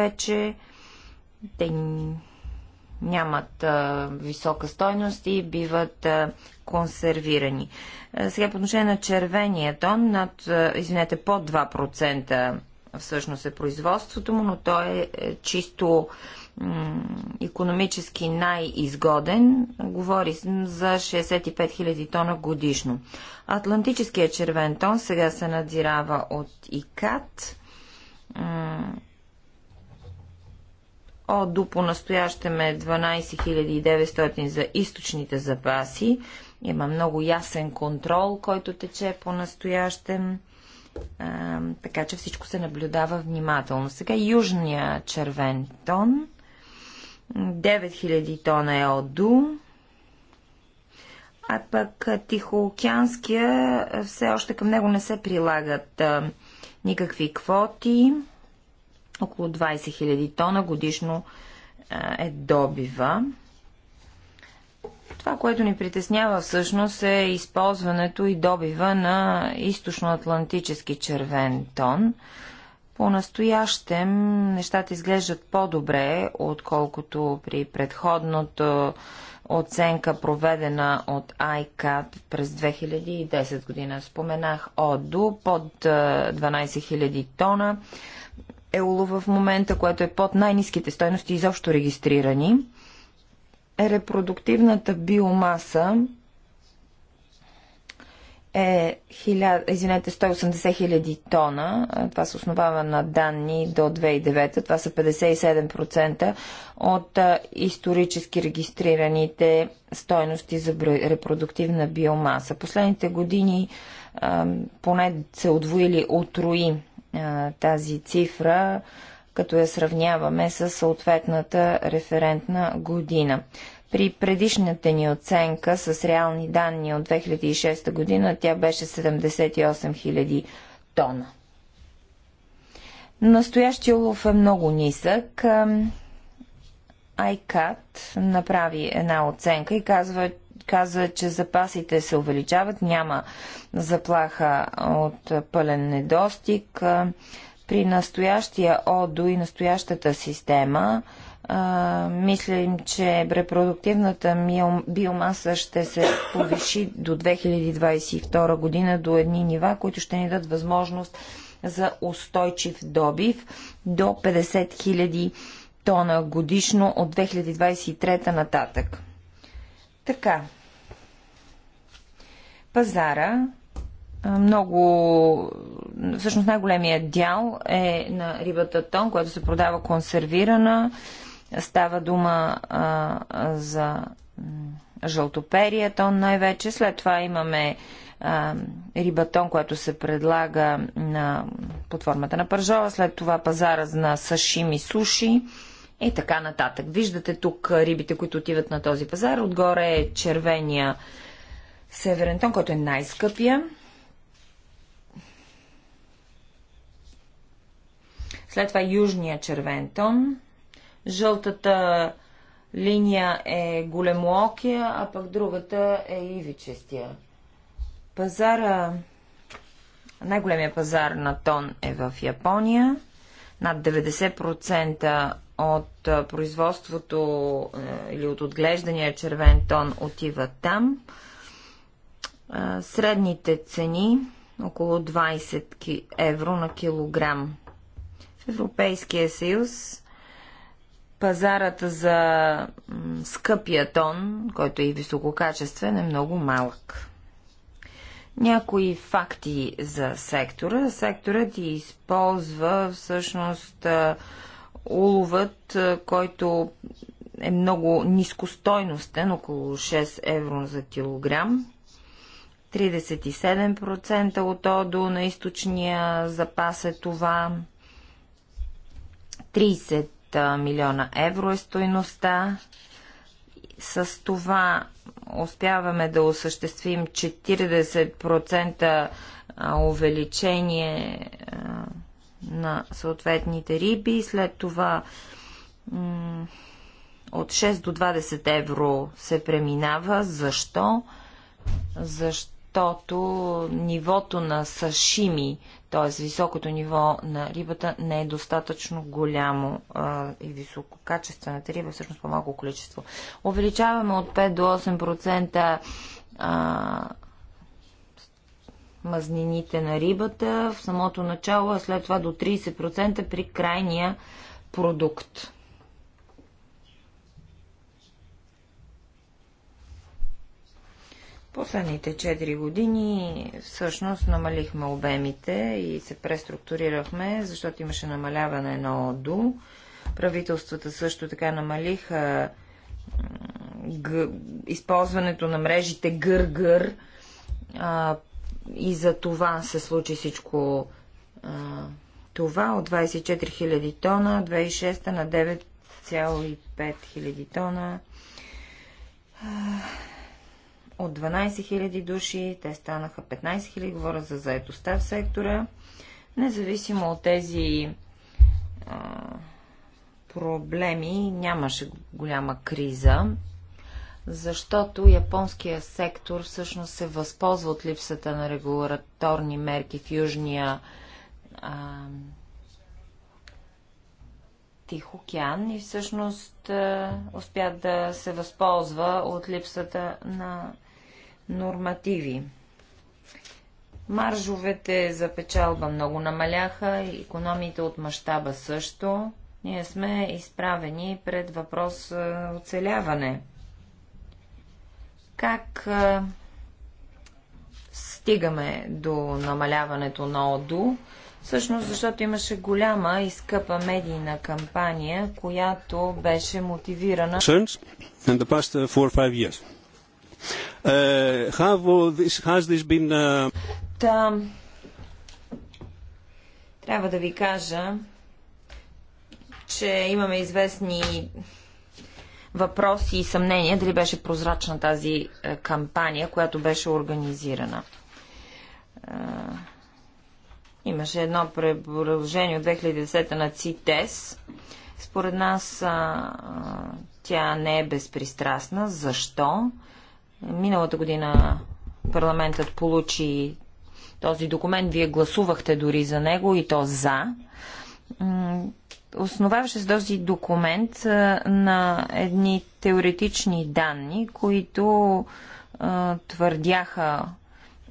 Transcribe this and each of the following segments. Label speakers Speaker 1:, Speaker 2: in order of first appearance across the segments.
Speaker 1: вече. Те нямат а, висока стойност и биват а, консервирани. А, сега по отношение на червения тон, над, а, извинете, под 2% всъщност е производството му, но той е, е чисто економически най-изгоден, говори за 65 000 тона годишно. Атлантическият червен тон сега се надзирава от ИКАТ ОДУ по настоящем е 12 900 за източните запаси. Има много ясен контрол, който тече по настоящем. А, така че всичко се наблюдава внимателно. Сега южния червен тон. 9000 тона е ОДУ. А пък Тихоокеанския все още към него не се прилагат а, никакви квоти. Около 20 000 тона годишно е добива. Това, което ни притеснява всъщност е използването и добива на източно-атлантически червен тон. По-настоящем нещата изглеждат по-добре, отколкото при предходното оценка, проведена от ICAT през 2010 година. Споменах ОДО под 12 000 тона е улов в момента, което е под най-низките стойности изобщо регистрирани. Репродуктивната биомаса е 1000, извинете, 180 хиляди тона. Това се основава на данни до 2009. Това са 57% от исторически регистрираните стойности за репродуктивна биомаса. Последните години поне се отвоили руи тази цифра, като я сравняваме с съответната референтна година. При предишната ни оценка с реални данни от 2006 година тя беше 78 000 тона. Настоящия улов е много нисък. ICAT направи една оценка и казва, казва, че запасите се увеличават, няма заплаха от пълен недостиг. При настоящия ОДО и настоящата система мислим, че репродуктивната биомаса ще се повиши до 2022 година до едни нива, които ще ни дадат възможност за устойчив добив до 50 000 тона годишно от 2023 нататък. Така. Пазара много, всъщност най-големият дял е на рибата тон, която се продава консервирана. Става дума а, за жълтоперия тон най-вече. След това имаме а, рибатон, което се предлага на, под формата на пържова. След това пазара на сашими суши и така нататък. Виждате тук рибите, които отиват на този пазар. Отгоре е червения северен тон, който е най-скъпия. След това южния червен тон. Жълтата линия е големоокия, а пък другата е ивичестия. Пазара, най-големия пазар на тон е в Япония. Над 90% от производството или от отглеждания червен тон отива там. Средните цени около 20 евро на килограм. В Европейския съюз пазарът за скъпия тон, който е и висококачествен, е много малък. Някои факти за сектора. Секторът използва всъщност уловът, който е много нискостойностен, около 6 евро за килограм. 37% от ОДО на източния запас е това. 30 милиона евро е стойността. С това успяваме да осъществим 40% увеличение на съответните риби, след това от 6 до 20 евро се преминава. Защо? Защо? защото нивото на сашими, т.е. високото ниво на рибата, не е достатъчно голямо а, и висококачествената риба, всъщност по-малко количество. Увеличаваме от 5 до 8% а, мазнините на рибата в самото начало, а след това до 30% при крайния продукт. Последните 4 години всъщност намалихме обемите и се преструктурирахме, защото имаше намаляване на ОДУ. Правителствата също така намалиха използването на мрежите ГРГР а, и за това се случи всичко а, това от 24 000 тона, 2006 на 9,5 000 тона от 12 000 души, те станаха 15 000, говоря за заетостта в сектора, независимо от тези а, проблеми, нямаше голяма криза, защото японския сектор всъщност се възползва от липсата на регулаторни мерки в Южния а, Тих океан и всъщност успя да се възползва от липсата на нормативи. Маржовете за печалба много намаляха, економите от мащаба също. Ние сме изправени пред въпрос оцеляване. Как стигаме до намаляването на ОДУ? Всъщност, защото имаше голяма и скъпа медийна кампания, която беше мотивирана
Speaker 2: has this been...
Speaker 1: Та, трябва да ви кажа, че имаме известни въпроси и съмнения дали беше прозрачна тази е, кампания, която беше организирана. Е, имаше едно предложение от 2010 на ЦИТЕС. Според нас тя не е безпристрастна. Защо? Миналата година парламентът получи този документ, вие гласувахте дори за него и то за. Основаваше се този документ на едни теоретични данни, които твърдяха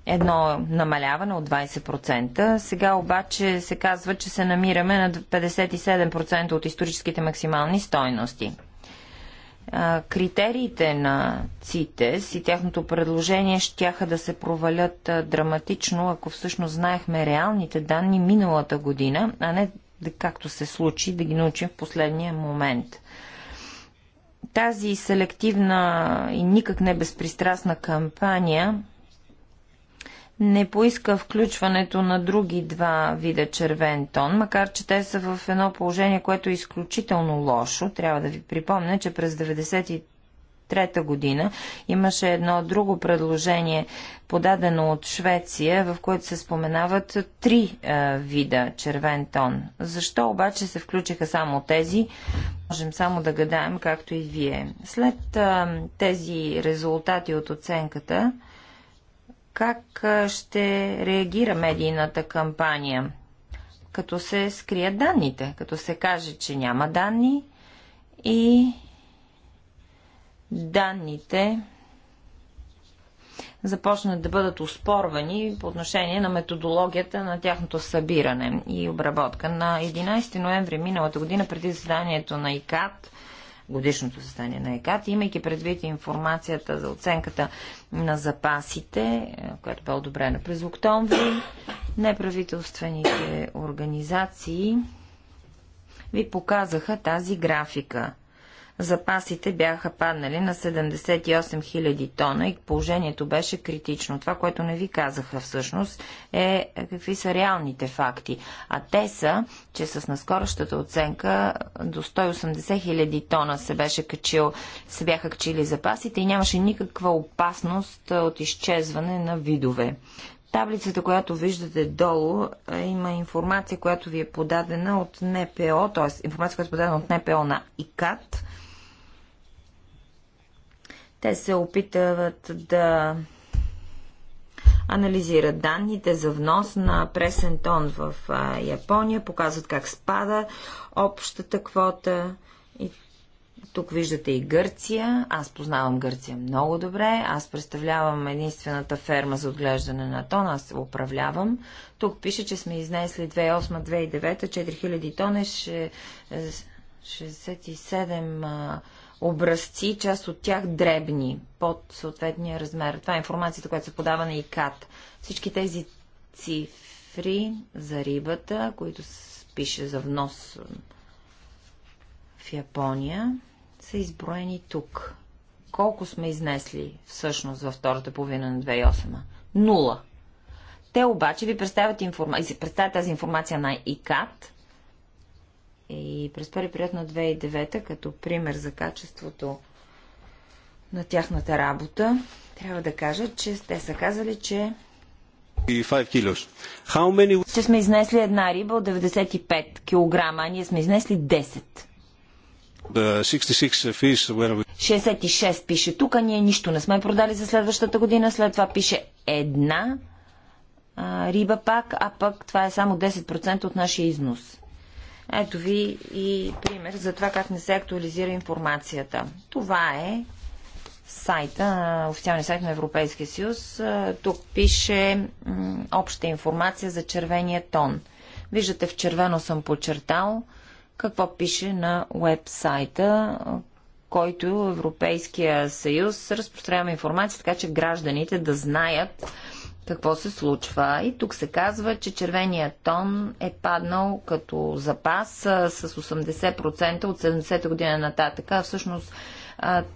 Speaker 1: едно намаляване от 20%. Сега обаче се казва, че се намираме на 57% от историческите максимални стойности критериите на ЦИТЕС и тяхното предложение щяха да се провалят драматично, ако всъщност знаехме реалните данни миналата година, а не както се случи, да ги научим в последния момент. Тази селективна и никак не безпристрастна кампания не поиска включването на други два вида червен тон, макар че те са в едно положение, което е изключително лошо. Трябва да ви припомня, че през 93 година имаше едно друго предложение, подадено от Швеция, в което се споменават три е, вида червен тон. Защо обаче се включиха само тези? Можем само да гадаем, както и вие. След е, тези резултати от оценката, как ще реагира медийната кампания? Като се скрият данните, като се каже, че няма данни и данните започнат да бъдат успорвани по отношение на методологията на тяхното събиране и обработка. На 11 ноември миналата година, преди заседанието на ИКАТ, годишното състояние на ЕКАТ. Имайки предвид информацията за оценката на запасите, е, която бе одобрена през октомври, неправителствените организации ви показаха тази графика – запасите бяха паднали на 78 000 тона и положението беше критично. Това, което не ви казаха всъщност е какви са реалните факти. А те са, че с наскоращата оценка до 180 000 тона се, беше качил, се бяха качили запасите и нямаше никаква опасност от изчезване на видове. Таблицата, която виждате долу, е, има информация, която ви е подадена от НПО, т.е. информация, която е подадена от НПО на ИКАТ те се опитават да анализират данните за внос на пресен тон в Япония, показват как спада общата квота. И тук виждате и Гърция. Аз познавам Гърция много добре. Аз представлявам единствената ферма за отглеждане на тон. Аз управлявам. Тук пише, че сме изнесли 2008-2009 4000 тона, 67 образци, част от тях дребни, под съответния размер. Това е информацията, която се подава на ИКАТ. Всички тези цифри за рибата, които пише за внос в Япония, са изброени тук. Колко сме изнесли всъщност във втората половина на 2008? Нула. Те обаче ви представят, представят тази информация на ИКАТ и през първи период на 2009, като пример за качеството на тяхната работа, трябва да кажа, че те са казали, че many... че сме изнесли една риба от 95 кг, а ние сме изнесли 10.
Speaker 2: 66
Speaker 1: пише тук, а ние нищо не сме продали за следващата година. След това пише една а, риба пак, а пък това е само 10% от нашия износ. Ето ви и пример за това как не се актуализира информацията. Това е сайта, официалния сайт на Европейския съюз. Тук пише обща информация за червения тон. Виждате, в червено съм подчертал какво пише на веб-сайта, който Европейския съюз разпространява информация, така че гражданите да знаят какво се случва. И тук се казва, че червения тон е паднал като запас с 80% от 70-та година нататък, а всъщност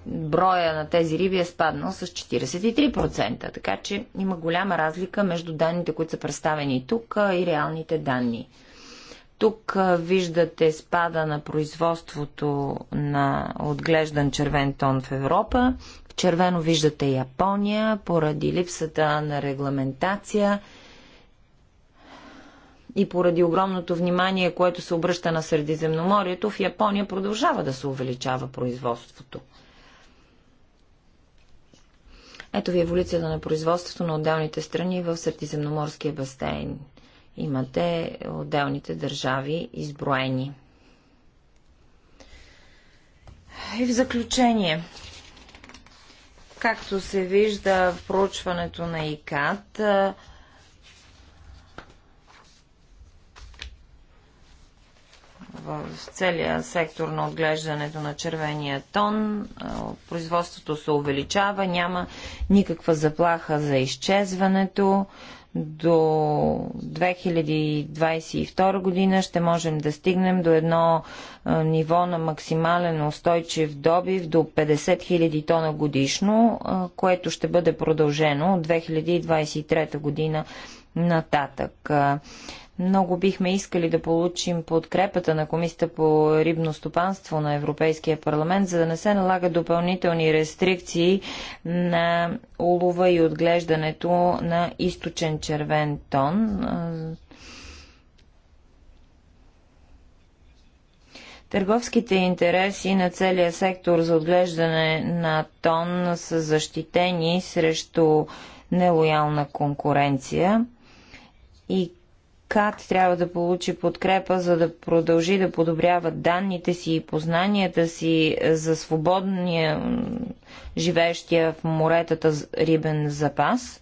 Speaker 1: броя на тези риби е спаднал с 43%. Така че има голяма разлика между данните, които са представени тук и реалните данни. Тук виждате спада на производството на отглеждан червен тон в Европа Червено виждате Япония поради липсата на регламентация и поради огромното внимание, което се обръща на Средиземноморието, в Япония продължава да се увеличава производството. Ето ви еволюцията на производството на отделните страни в Средиземноморския басейн. Имате отделните държави изброени. И в заключение, Както се вижда в проучването на ИКАТ, в целия сектор на отглеждането на червения тон. Производството се увеличава, няма никаква заплаха за изчезването до 2022 година ще можем да стигнем до едно ниво на максимален устойчив добив до 50 000 тона годишно, което ще бъде продължено от 2023 година нататък. Много бихме искали да получим подкрепата на Комисията по рибно стопанство на Европейския парламент, за да не се налагат допълнителни рестрикции на улова и отглеждането на източен червен тон. Търговските интереси на целия сектор за отглеждане на тон са защитени срещу нелоялна конкуренция и КАТ трябва да получи подкрепа, за да продължи да подобрява данните си и познанията си за свободния живеещия в моретата рибен запас.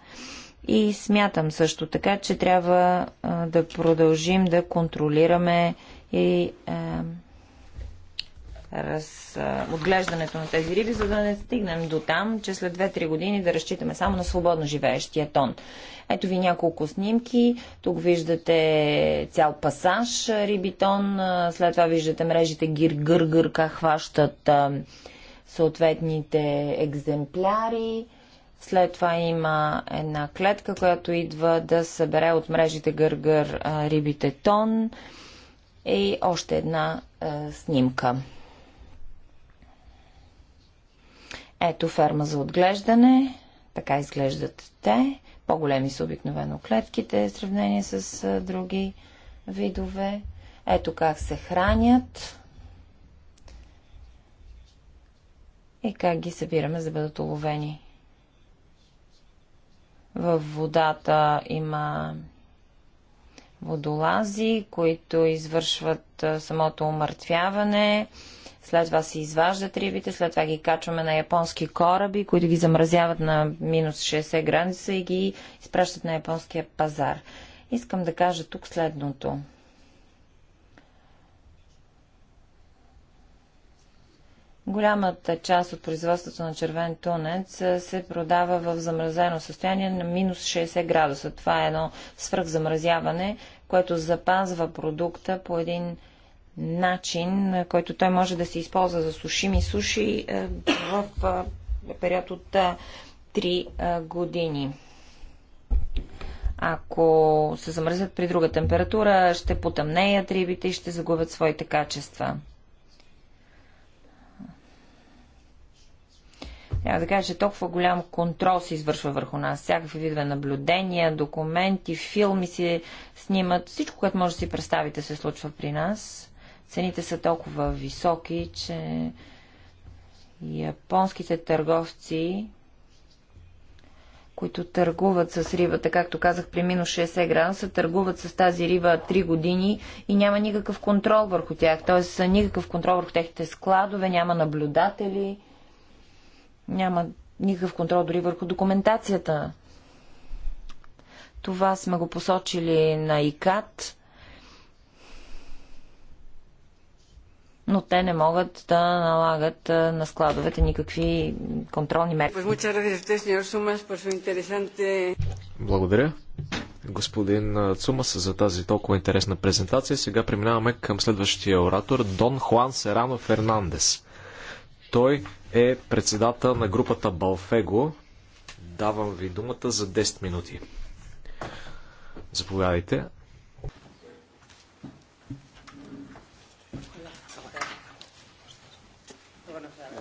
Speaker 1: И смятам също така, че трябва да продължим да контролираме и а, раз, отглеждането на тези риби, за да не стигнем до там, че след 2-3 години да разчитаме само на свободно живеещия тон. Ето ви няколко снимки. Тук виждате цял пасаж рибитон, след това виждате мрежите гир-гър-гър как хващат съответните екземпляри. След това има една клетка, която идва да събере от мрежите гъргър рибите тон и още една е, снимка. Ето ферма за отглеждане. Така изглеждат те. По-големи са обикновено клетките в сравнение с а, други видове. Ето как се хранят. И как ги събираме, за да бъдат уловени. В водата има водолази, които извършват самото умъртвяване след това се изваждат рибите, след това ги качваме на японски кораби, които ги замразяват на минус 60 градуса и ги изпращат на японския пазар. Искам да кажа тук следното. Голямата част от производството на червен тунец се продава в замразено състояние на минус 60 градуса. Това е едно свръхзамразяване, което запазва продукта по един начин, който той може да се използва за сушими суши е, в е, период от 3 е, години. Ако се замръзят при друга температура, ще потъмнеят рибите и ще загубят своите качества. Трябва да кажа, че толкова голям контрол се извършва върху нас. Всякакви видове наблюдения, документи, филми се снимат. Всичко, което може да си представите, се случва при нас. Цените са толкова високи, че японските търговци, които търгуват с рибата, както казах, при минус 60 градуса, търгуват с тази риба 3 години и няма никакъв контрол върху тях. Тоест никакъв контрол върху техните складове, няма наблюдатели, няма никакъв контрол дори върху документацията. Това сме го посочили на ИКАТ но те не могат да налагат на складовете никакви контролни мерки.
Speaker 2: Благодаря. Господин Цумас за тази толкова интересна презентация. Сега преминаваме към следващия оратор Дон Хуан Серано Фернандес. Той е председател на групата Балфего. Давам ви думата за 10 минути. Заповядайте.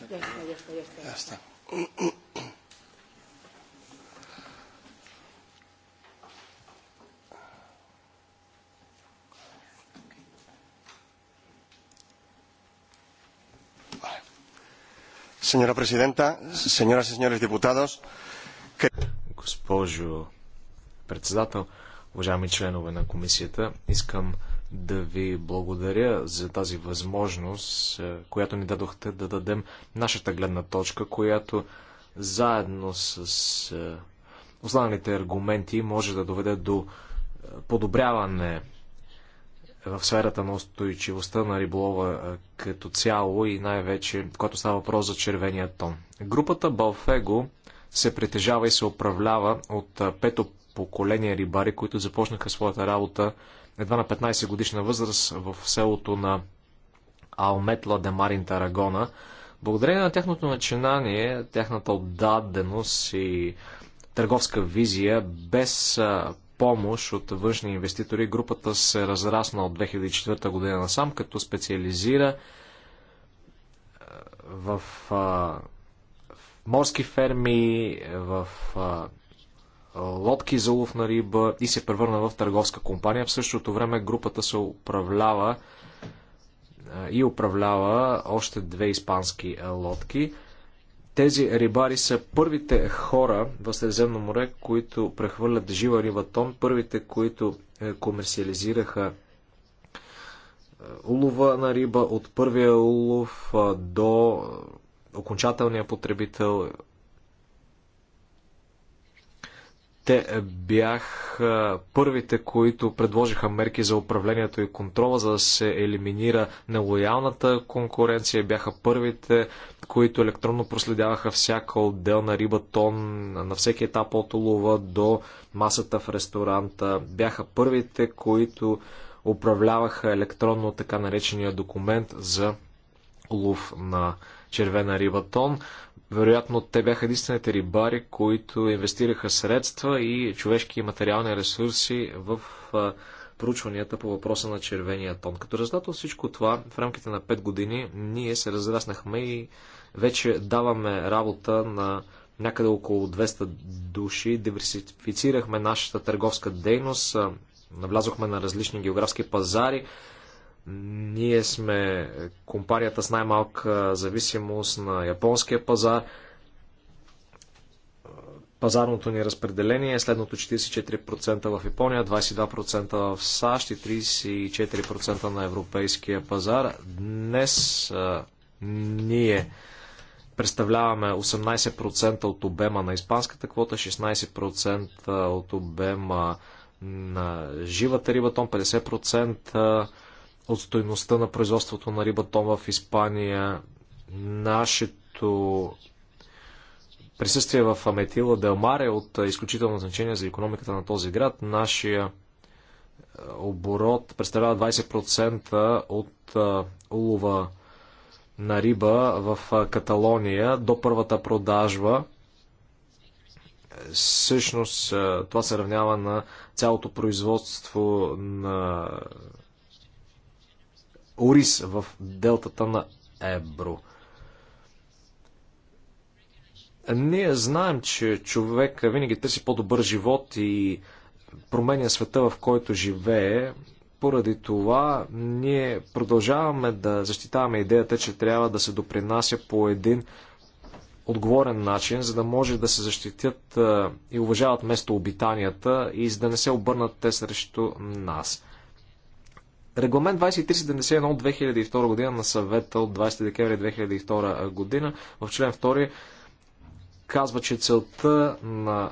Speaker 3: Ya está, ya está, ya está. Ya está.
Speaker 2: Señora presidenta, señoras y señores diputados. Госпожо председател, уважаеми членове на комисията, искам да ви благодаря за тази възможност, е, която ни дадохте да дадем нашата гледна точка, която заедно с е, останалите аргументи може да доведе до е, подобряване в сферата на устойчивостта на риболова като цяло и най-вече, когато става въпрос за червения тон. Групата Балфего се притежава и се управлява от пето поколение рибари, които започнаха своята работа едва на 15 годишна възраст в селото на Алметла де Марин Тарагона. Благодарение на тяхното начинание, тяхната отдаденост и търговска визия, без помощ от външни инвеститори, групата се разрасна от 2004 година насам, като специализира в, в морски ферми, в лодки за лов на риба и се превърна в търговска компания. В същото време групата се управлява и управлява още две испански лодки. Тези рибари са първите хора в Средиземно море, които прехвърлят жива риба тон, първите, които е, комерциализираха е, улова на риба от първия улов до е, окончателния потребител Те бяха първите, които предложиха мерки за управлението и контрола, за да се елиминира нелоялната конкуренция. Бяха първите, които електронно проследяваха всяка отделна риба тон на всеки етап от улова до масата в ресторанта. Бяха първите, които управляваха електронно така наречения документ за лов на червена риба тон. Вероятно те бяха единствените рибари, които инвестираха средства и човешки и материални ресурси в проучванията по въпроса на червения тон. Като резултат от всичко това, в рамките на 5 години ние се разраснахме и вече даваме работа на някъде около 200 души. Диверсифицирахме нашата търговска дейност, навлязохме на различни географски пазари, ние сме компанията с най-малка зависимост на японския пазар. Пазарното ни разпределение е следното 44% в Япония, 22% в САЩ и 34% на европейския пазар. Днес а, ние представляваме 18% от обема на испанската квота, 16% от обема на живата риба, 50% от стоеността на производството на риба том в Испания. Нашето присъствие в Аметила Делмар е от изключително значение за економиката на този град. Нашия оборот представлява 20% от улова на риба в Каталония до първата продажба. Всъщност това се равнява на цялото производство на Орис в делтата на Ебро. Ние знаем, че човек винаги търси по-добър живот и променя света, в който живее. Поради това ние продължаваме да защитаваме идеята, че трябва да се допринася по един отговорен начин, за да може да се защитят и уважават местообитанията и за да не се обърнат те срещу нас. Регламент 2371 от 2002 година на съвета от 20 декември 2002 година в член 2 казва, че целта на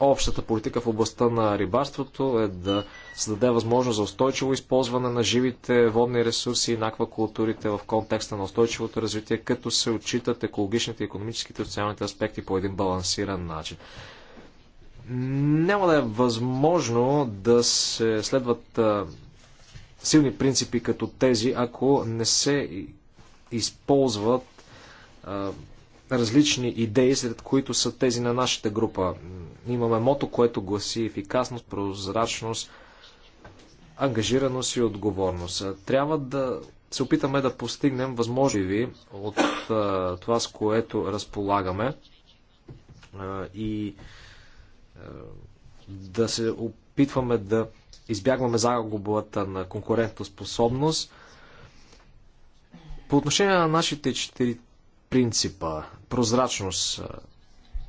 Speaker 2: общата политика в областта на рибарството е да създаде възможност за устойчиво използване на живите водни ресурси и на аквакултурите в контекста на устойчивото развитие, като се отчитат екологичните, економическите и социалните аспекти по един балансиран начин. Няма да е възможно да се следват силни принципи като тези, ако не се използват а, различни идеи, сред които са тези на нашата група. Имаме мото, което гласи ефикасност, прозрачност, ангажираност и отговорност. Трябва да се опитаме да постигнем възможливи от а, това, с което разполагаме а, и а, да се опитваме да избягваме загубата на конкурентоспособност. По отношение на нашите четири принципа, прозрачност,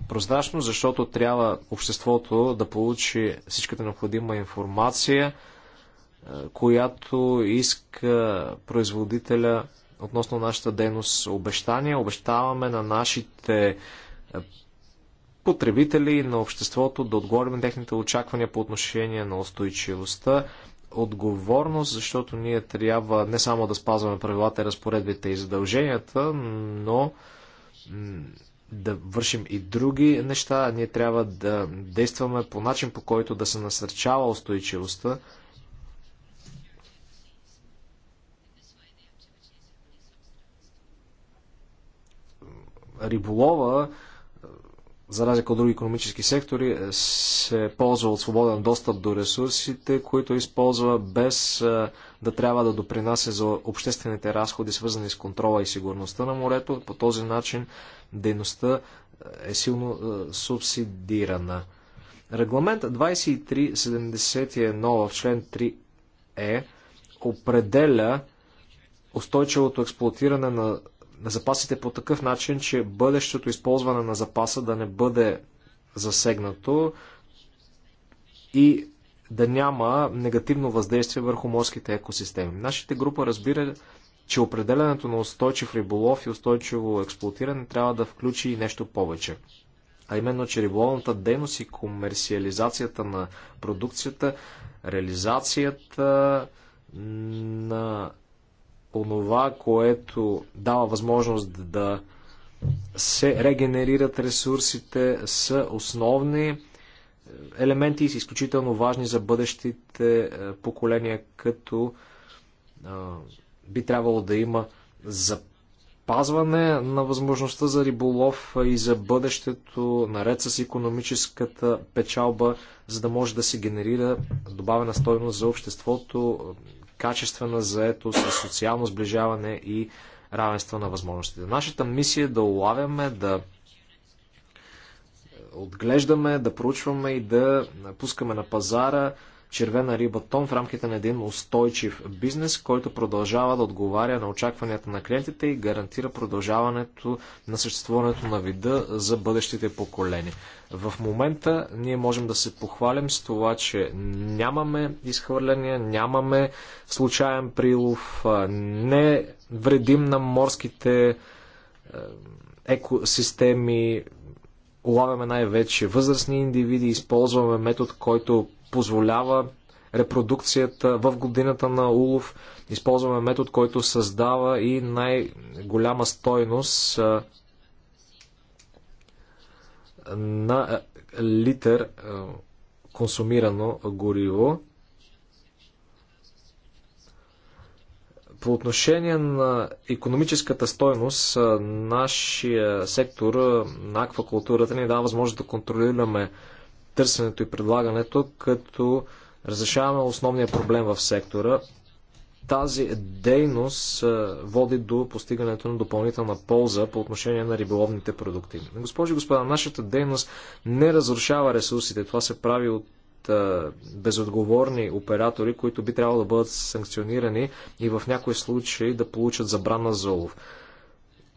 Speaker 2: прозрачност, защото трябва обществото да получи всичката необходима информация, която иска производителя относно нашата дейност обещания. Обещаваме на нашите потребители, на обществото, да отговорим на техните очаквания по отношение на устойчивостта, отговорност, защото ние трябва не само да спазваме правилата, разпоредбите и задълженията, но да вършим и други неща. Ние трябва да действаме по начин, по който да се насърчава устойчивостта. Риболова за разлика от други економически сектори, е, се ползва от свободен достъп до ресурсите, които използва без е, да трябва да допринася за обществените разходи, свързани с контрола и сигурността на морето. По този начин дейността е, е силно субсидирана. Регламент 2371 в член 3е определя устойчивото експлуатиране на на запасите по такъв начин, че бъдещото използване на запаса да не бъде засегнато и да няма негативно въздействие върху морските екосистеми. Нашите група разбира, че определенето на устойчив риболов и устойчиво експлуатиране трябва да включи и нещо повече. А именно, че риболовната дейност и комерциализацията на продукцията, реализацията на онова, което дава възможност да се регенерират ресурсите, са основни елементи и са изключително важни за бъдещите е, поколения, като е, би трябвало да има запазване на възможността за риболов и за бъдещето, наред с економическата печалба, за да може да се генерира добавена стойност за обществото, качествена заетост, социално сближаване и равенство на възможностите. Нашата мисия е да улавяме, да отглеждаме, да проучваме и да пускаме на пазара червена риба тон в рамките на един устойчив бизнес, който продължава да отговаря на очакванията на клиентите и гарантира продължаването на съществуването на вида за бъдещите поколения. В момента ние можем да се похвалим с това, че нямаме изхвърляния, нямаме случайен прилов, не вредим на морските екосистеми, улавяме най-вече възрастни индивиди, използваме метод, който позволява репродукцията в годината на улов. Използваме метод, който създава и най-голяма стойност на литър консумирано гориво. По отношение на економическата стойност, нашия сектор на аквакултурата ни дава възможност да контролираме търсенето и предлагането, като разрешаваме основния проблем в сектора. Тази дейност води до постигането на допълнителна полза по отношение на риболовните продукти. Госпожи и господа, нашата дейност не разрушава ресурсите. Това се прави от безотговорни оператори, които би трябвало да бъдат санкционирани и в някои случаи да получат забрана за улов.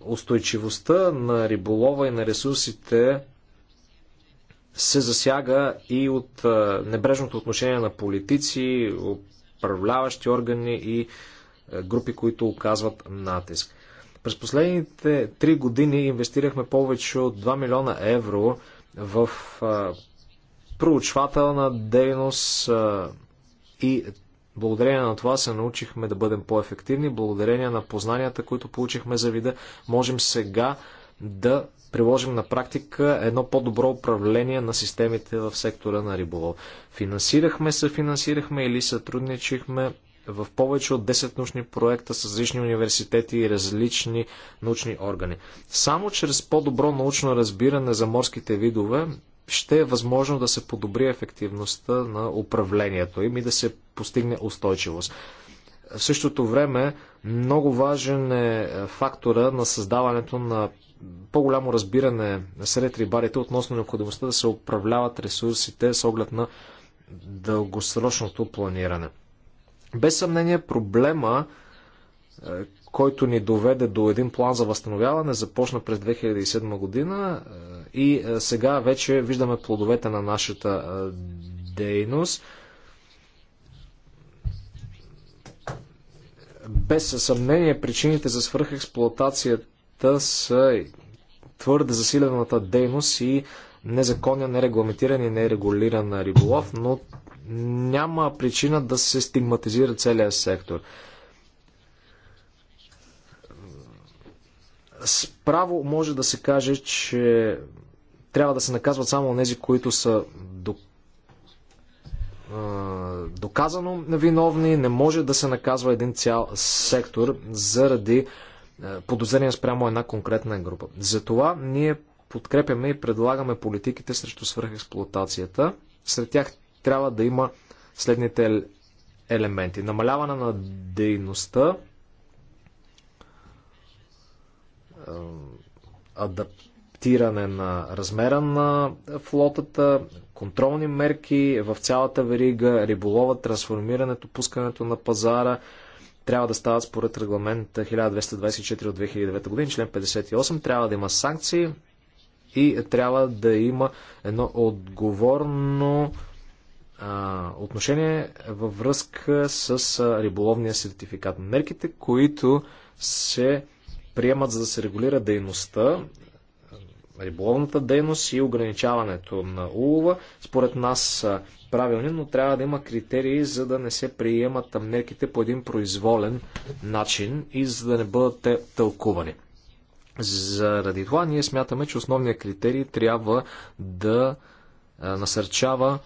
Speaker 2: Устойчивостта на риболова и на ресурсите се засяга и от небрежното отношение на политици, управляващи органи и групи, които оказват натиск. През последните три години инвестирахме повече от 2 милиона евро в проучвателна дейност и благодарение на това се научихме да бъдем по-ефективни. Благодарение на познанията, които получихме за вида, можем сега да приложим на практика едно по-добро управление на системите в сектора на риболов. Финансирахме, съфинансирахме или сътрудничихме в повече от 10 научни проекта с различни университети и различни научни органи. Само чрез по-добро научно разбиране за морските видове ще е възможно да се подобри ефективността на управлението им и да се постигне устойчивост. В същото време много важен е фактора на създаването на по-голямо разбиране сред рибарите относно необходимостта да се управляват ресурсите с оглед на дългосрочното планиране. Без съмнение проблема, е, който ни доведе до един план за възстановяване, започна през 2007 година е, и е, сега вече виждаме плодовете на нашата дейност. Без съмнение причините за свръхексплуатацията са твърде засилената дейност и незаконен, нерегламентиран и нерегулиран риболов, но няма причина да се стигматизира целият сектор. Справо може да се каже, че трябва да се наказват само тези, които са доказано виновни. Не може да се наказва един цял сектор заради е, подозрения спрямо една конкретна група. Затова ние подкрепяме и предлагаме политиките срещу свръхексплуатацията. Сред тях трябва да има следните елементи. Намаляване на дейността, е, адаптиране на размера на флотата, контролни мерки в цялата верига, риболова, трансформирането, пускането на пазара, трябва да стават според регламент 1224 от 2009 година, член 58. Трябва да има санкции и трябва да има едно отговорно а, отношение във връзка с а, риболовния сертификат. Мерките, които се приемат за да се регулира дейността, риболовната дейност и ограничаването на улова, според нас а, правилни, но трябва да има критерии, за да не се приемат мерките по един произволен начин и за да не бъдат те тълкувани. Заради това ние смятаме, че основният критерий трябва да насърчава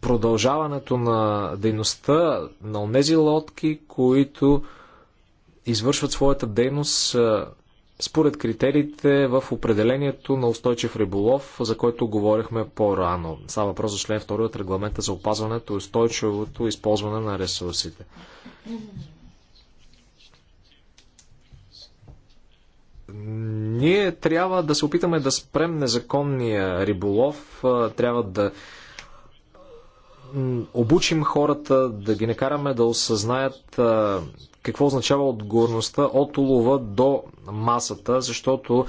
Speaker 2: продължаването на дейността на тези лодки, които извършват своята дейност според критериите в определението на устойчив риболов, за който говорихме по-рано. Става въпрос за член 2 от регламента за опазването и устойчивото използване на ресурсите. Ние трябва да се опитаме да спрем незаконния риболов, трябва да обучим хората, да ги накараме да осъзнаят какво означава отговорността от улова до масата, защото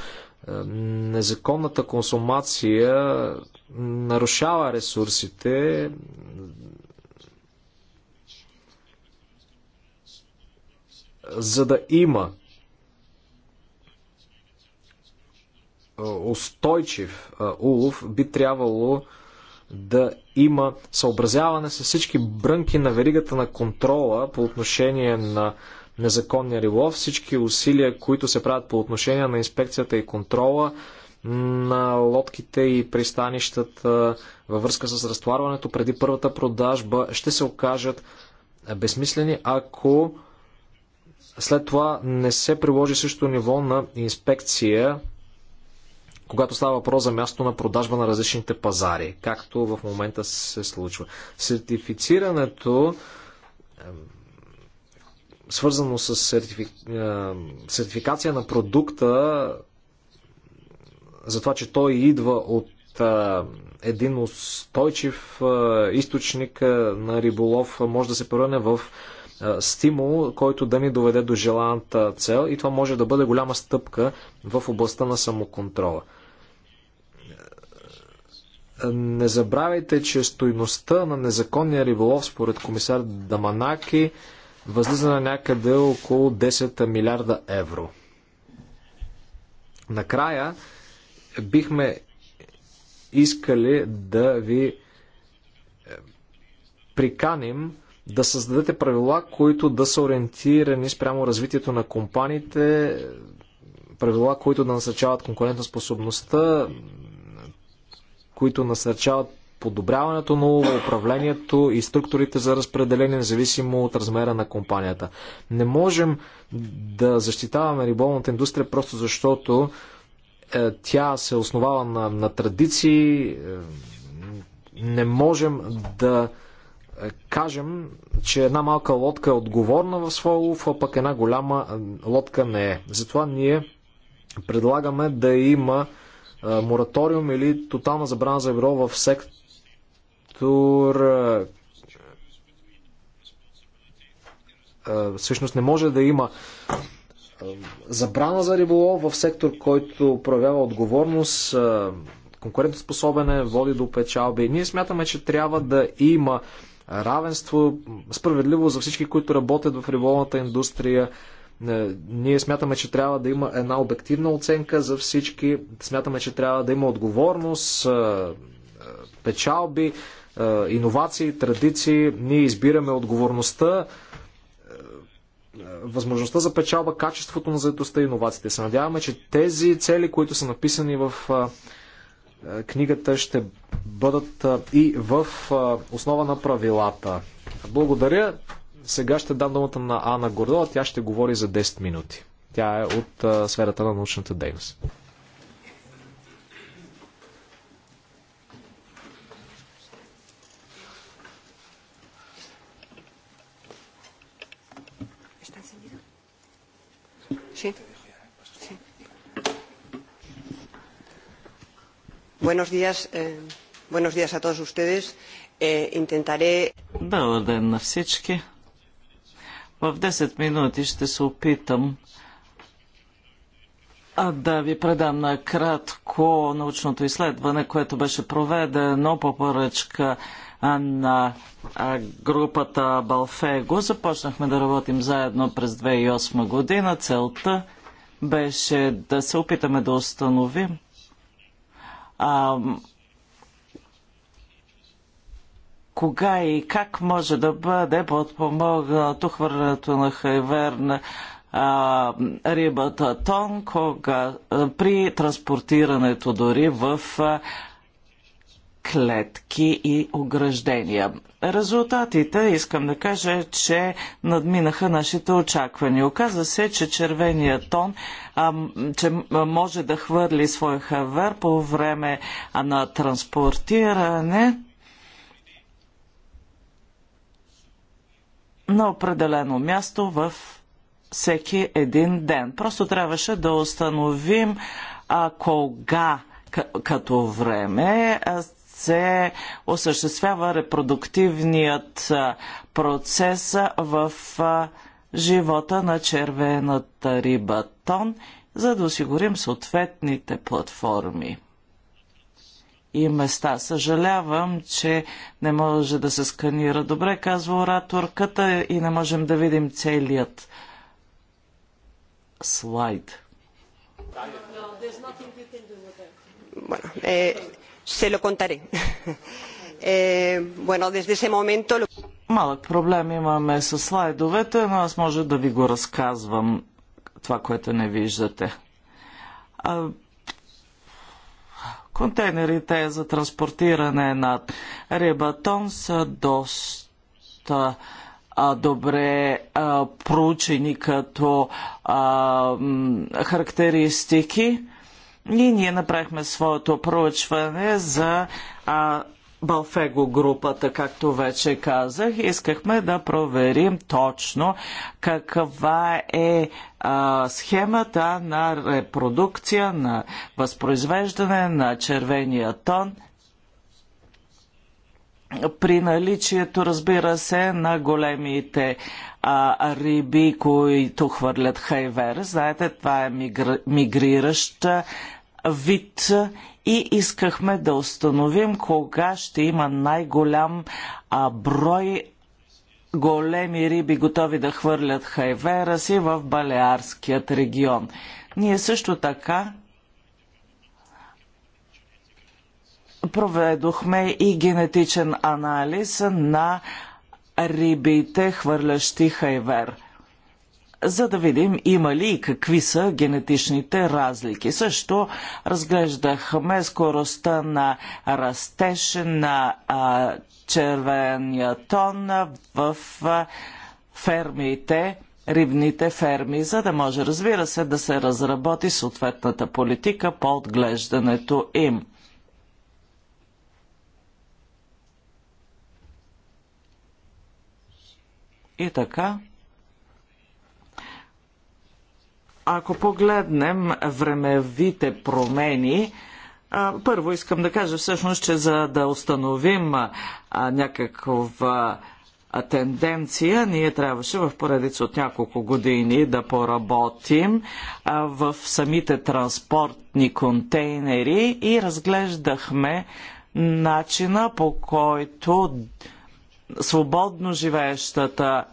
Speaker 2: е, незаконната консумация нарушава ресурсите, за да има е, устойчив е, улов, би трябвало да има съобразяване с всички брънки на веригата на контрола по отношение на незаконния рилов, всички усилия, които се правят по отношение на инспекцията и контрола на лодките и пристанищата във връзка с разтоварването преди първата продажба, ще се окажат безсмислени, ако след това не се приложи същото ниво на инспекция когато става въпрос за място на продажба на различните пазари, както в момента се случва. Сертифицирането свързано с сертифи... Е, сертификация на продукта за това, че той идва от е, един устойчив е, източник на риболов, може да се превърне в стимул, който да ни доведе до желаната цел и това може да бъде голяма стъпка в областта на самоконтрола. Не забравяйте, че стойността на незаконния риболов според комисар Даманаки възлиза на някъде около 10 милиарда евро. Накрая бихме искали да ви е, приканим да създадете правила, които да са ориентирани спрямо развитието на компаниите, правила, които да насърчават конкурентоспособността, които насърчават подобряването на управлението и структурите за разпределение, независимо от размера на компанията. Не можем да защитаваме риболната индустрия просто защото е, тя се основава на, на традиции. Е, не можем да е, кажем, че една малка лодка е отговорна в своя улов, а пък една голяма е, лодка не е. Затова ние предлагаме да има мораториум или тотална забрана за евро в сектор всъщност не може да има забрана за риболов в сектор, който проявява отговорност, конкурентоспособен е, води до печалби. Ние смятаме, че трябва да има равенство, справедливо за всички, които работят в риболовната индустрия, е, ние смятаме, че трябва да има една обективна оценка за всички. Смятаме, че трябва да има отговорност, е, е, печалби, иновации, традиции. Ние избираме отговорността, възможността за печалба, качеството на заедостта и иновациите. Се надяваме, че тези цели, които са написани в книгата, ще бъдат и в основа на правилата. Благодаря. Сега ще дам думата на Ана Гордова. Тя ще говори за 10 минути. Тя е от а, сферата на научната дейност.
Speaker 1: Buenos días, eh, buenos días a todos ustedes. Eh, intentaré.
Speaker 3: Добър ден на всички. В 10 минути ще се опитам а да ви предам на кратко научното изследване, което беше проведено по поръчка на групата Балфего. Започнахме да работим заедно през 2008 година. Целта беше да се опитаме да установим кога и как може да бъде подпомогнато хвърлянето на хайверна а, рибата тон, кога, а, при транспортирането дори в а, клетки и ограждения. Резултатите, искам да кажа, че надминаха нашите очаквания. Оказва се, че червения тон а, че може да хвърли своя хавер по време на транспортиране на определено място в всеки един ден. Просто трябваше да установим а, кога като време се осъществява репродуктивният процес в живота на червената риба тон, за да осигурим съответните платформи и места. Съжалявам, че не може да се сканира добре, казва ораторката и не можем да видим целият слайд.
Speaker 1: Eh, eh, Малък проблем имаме с слайдовете,
Speaker 3: но аз може да ви го разказвам това, което не виждате. Контейнерите за транспортиране на рибатон са доста а, добре а, проучени като а, характеристики. И ние направихме своето проучване за а, Балфего групата, както вече казах, искахме да проверим точно каква е а, схемата на репродукция, на възпроизвеждане на червения тон при наличието, разбира се, на големите а, риби, които хвърлят хайвер. Знаете, това е мигри... мигриращ вид и искахме да установим кога ще има най-голям брой големи риби готови да хвърлят хайвера си в Балеарският регион. Ние също така проведохме и генетичен анализ на рибите, хвърлящи хайвер за да видим има ли и какви са генетичните разлики. Също разглеждахме скоростта на растеж на а, червения тон в а, фермите, рибните ферми, за да може, разбира се, да се разработи съответната политика по отглеждането им. И така. Ако погледнем времевите промени, първо искам да кажа всъщност, че за да установим някаква тенденция, ние трябваше в поредица от няколко години да поработим в самите транспортни контейнери и разглеждахме начина по който свободно живеещата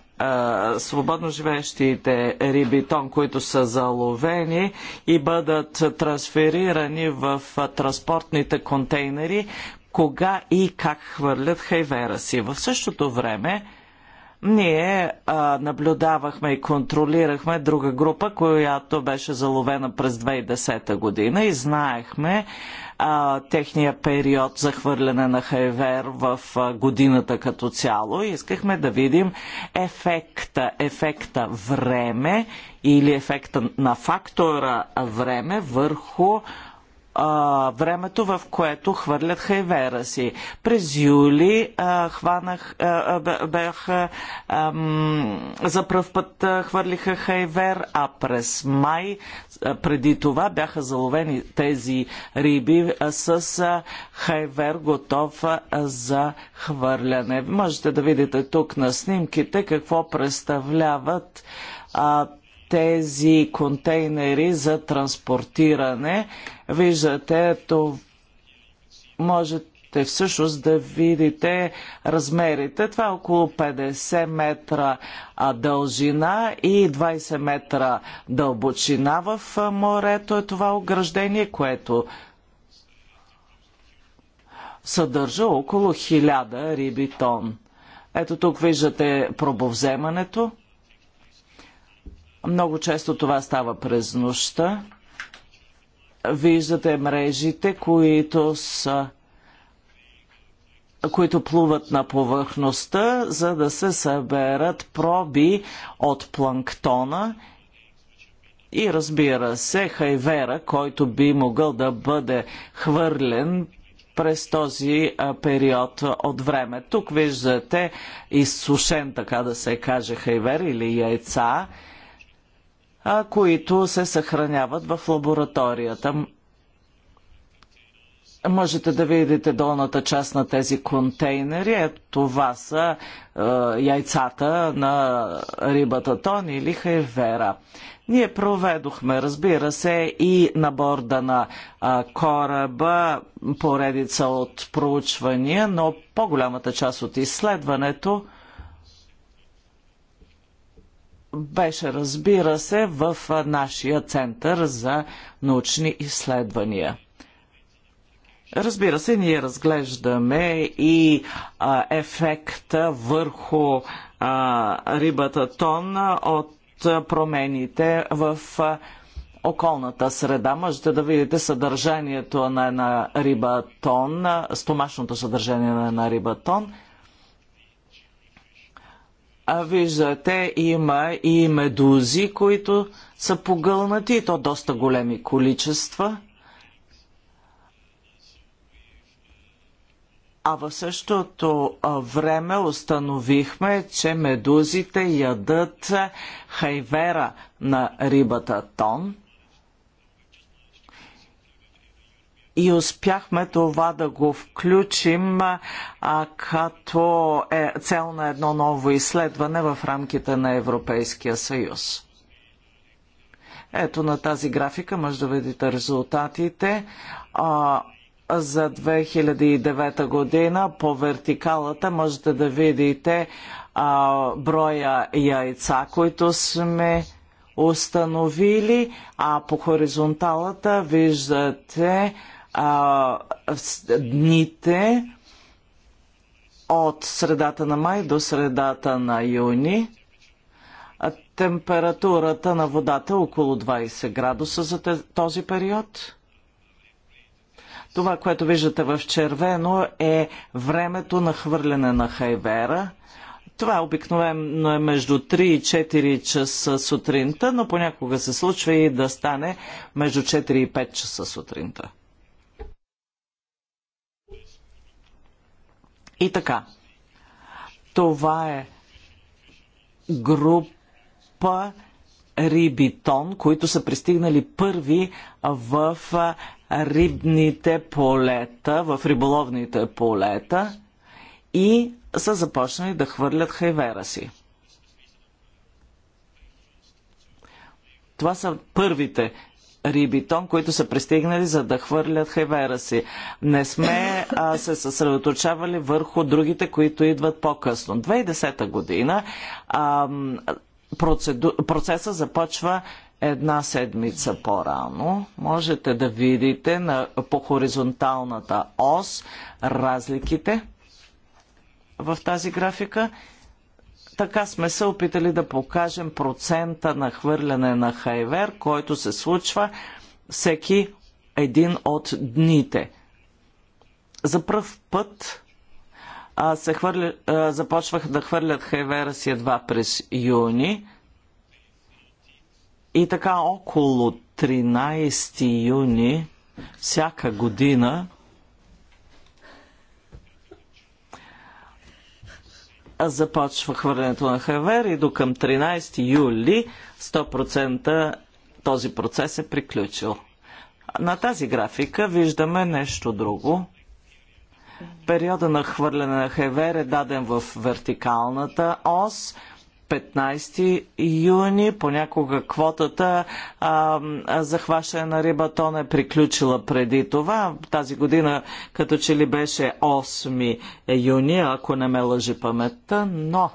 Speaker 3: свободно живеещите рибитон, които са заловени и бъдат трансферирани в транспортните контейнери, кога и как хвърлят хайвера си. В същото време ние а, наблюдавахме и контролирахме друга група, която беше заловена през 2010 година и знаехме а, техния период за хвърляне на хайвер в а, годината като цяло. И искахме да видим ефекта, ефекта време или ефекта на фактора време върху а, времето, в което хвърлят хайвера си. През юли а, хванах, а, бях а, за пръв път а, хвърлиха хайвер, а през май а, преди това бяха заловени тези риби а, с а, хайвер готов а, за хвърляне. Можете да видите тук на снимките какво представляват а, тези контейнери за транспортиране. Виждате, то можете всъщност да видите размерите. Това е около 50 метра дължина и 20 метра дълбочина в морето е това ограждение, което съдържа около 1000 риби тон. Ето тук виждате пробовземането. Много често това става през нощта. Виждате мрежите, които са които плуват на повърхността, за да се съберат проби от планктона и разбира се хайвера, който би могъл да бъде хвърлен през този период от време. Тук виждате изсушен, така да се каже, хайвер или яйца, а, които се съхраняват в лабораторията. Можете да видите долната част на тези контейнери. е това са е, яйцата на рибата тон или Хайвера. Ние проведохме, разбира се, и на борда на е, кораба поредица от проучвания, но по-голямата част от изследването – беше, разбира се, в нашия център за научни изследвания. Разбира се, ние разглеждаме и а, ефекта върху а, рибата тон от промените в а, околната среда. Можете да видите съдържанието на една риба тон, стомашното съдържание на една риба тон – виждате, има и медузи, които са погълнати, и то доста големи количества. А в същото време установихме, че медузите ядат хайвера на рибата тон – и успяхме това да го включим а, като е, цел на едно ново изследване в рамките на Европейския съюз. Ето на тази графика може да видите резултатите а, за 2009 година по вертикалата можете да видите а, броя яйца, които сме установили, а по хоризонталата виждате а, дните от средата на май до средата на юни. Температурата на водата е около 20 градуса за този период. Това, което виждате в червено е времето на хвърляне на хайвера. Това е обикновено е между 3 и 4 часа сутринта, но понякога се случва и да стане между 4 и 5 часа сутринта. И така, това е група рибитон, които са пристигнали първи в рибните полета, в риболовните полета и са започнали да хвърлят хайвера си. Това са първите рибитон, които са пристигнали за да хвърлят хевера си. Не сме а, се съсредоточавали върху другите, които идват по-късно. 2010 година а, процеду... процесът започва една седмица по-рано. Можете да видите на, по хоризонталната ос разликите в тази графика така сме се опитали да покажем процента на хвърляне на хайвер, който се случва всеки един от дните. За пръв път а, се хвърля, а, започвах да хвърлят хайвера си едва през юни. И така около 13 юни всяка година започва хвърлянето на Хавер и до към 13 юли 100% този процес е приключил. На тази графика виждаме нещо друго. Периода на хвърляне на Хевер е даден в вертикалната ос – 15 юни. Понякога квотата а, за хващане на риба тон е приключила преди това. Тази година като че ли беше 8 юни, ако не ме лъжи паметта, но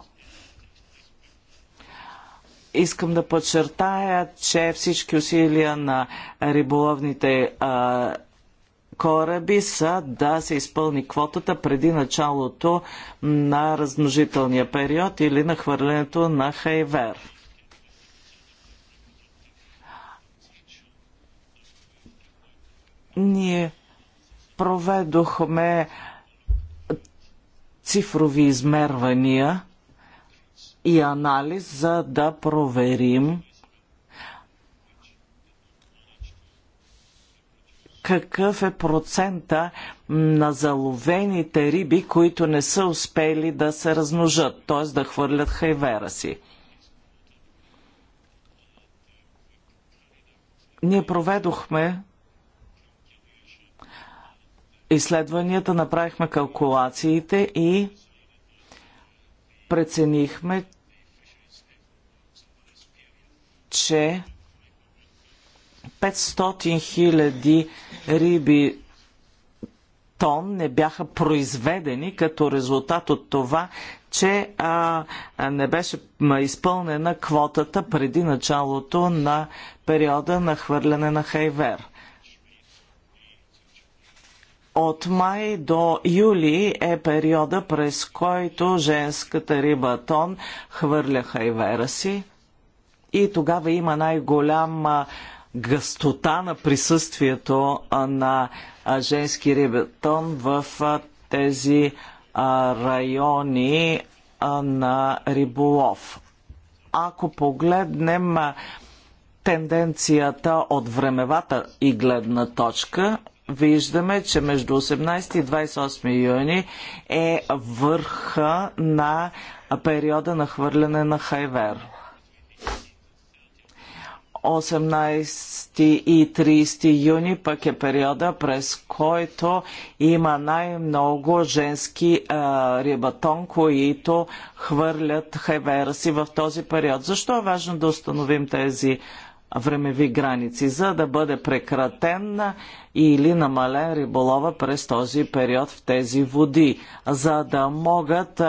Speaker 3: искам да подчертая, че всички усилия на риболовните а, кораби са да се изпълни квотата преди началото на размножителния период или на хвърлянето на хайвер. Ние проведохме цифрови измервания и анализ, за да проверим какъв е процента на заловените риби, които не са успели да се размножат, т.е. да хвърлят хайвера си. Ние проведохме изследванията, направихме калкулациите и преценихме, че 500 хиляди риби тон не бяха произведени като резултат от това, че а, не беше изпълнена квотата преди началото на периода на хвърляне на Хайвер. От май до юли е периода, през който женската риба тон хвърля хайвера си. И тогава има най-голям гъстота на присъствието на женски рибетон в тези райони на риболов. Ако погледнем тенденцията от времевата и гледна точка, виждаме, че между 18 и 28 юни е върха на периода на хвърляне на хайвер. 18 и 30 юни пък е периода, през който има най-много женски а, рибатон, които хвърлят хевера си в този период. Защо е важно да установим тези времеви граници, за да бъде прекратен или намален риболова през този период в тези води, за да могат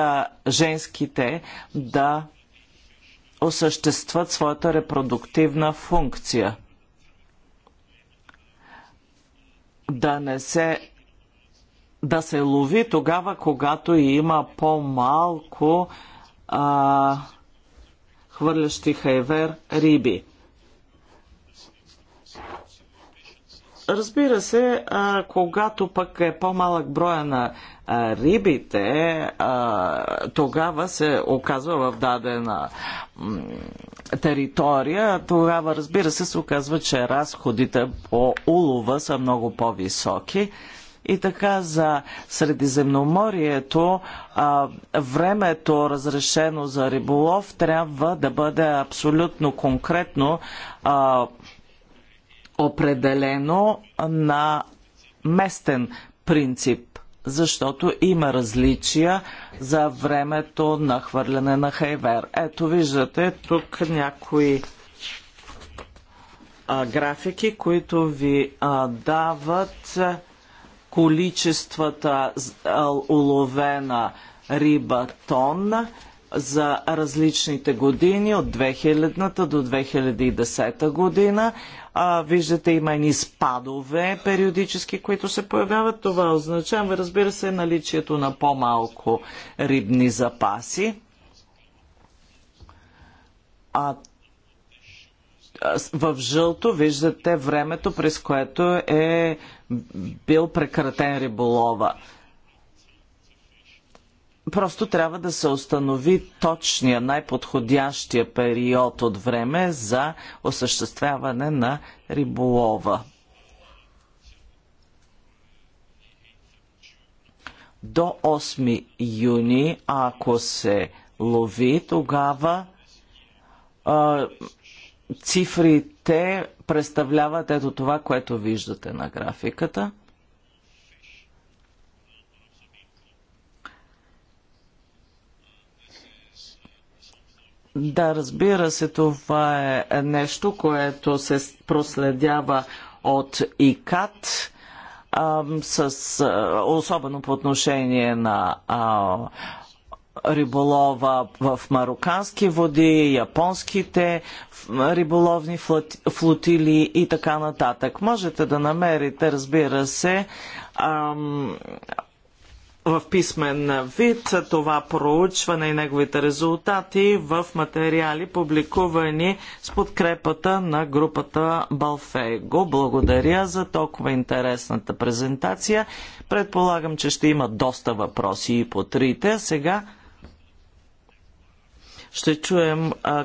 Speaker 3: женските да осъществят своята репродуктивна функция. Да не се да се лови тогава, когато има по-малко а, хвърлящи хайвер риби. Разбира се, а, когато пък е по-малък броя на рибите, а, тогава се оказва в дадена територия, тогава разбира се се оказва, че разходите по улова са много по-високи. И така за Средиземноморието а, времето разрешено за риболов трябва да бъде абсолютно конкретно а, определено на местен принцип защото има различия за времето на хвърляне на хайвер. Ето виждате тук някои а, графики, които ви а, дават количествата а, уловена риба тон за различните години от 2000 та до 2010 година. А, виждате, има едни спадове периодически, които се появяват. Това означава, разбира се, наличието на по-малко рибни запаси. А в жълто виждате времето, през което е бил прекратен риболова. Просто трябва да се установи точния, най-подходящия период от време за осъществяване на риболова. До 8 юни, ако се лови, тогава а, цифрите представляват ето това, което виждате на графиката – Да, разбира се, това е нещо, което се проследява от ИКАТ, с, особено по отношение на риболова в марокански води, японските риболовни флотили и така нататък. Можете да намерите, разбира се, в писмен вид това проучване и неговите резултати в материали, публикувани с подкрепата на групата Балфего. Благодаря за толкова интересната презентация. Предполагам, че ще има доста въпроси и по трите. Сега ще чуем а,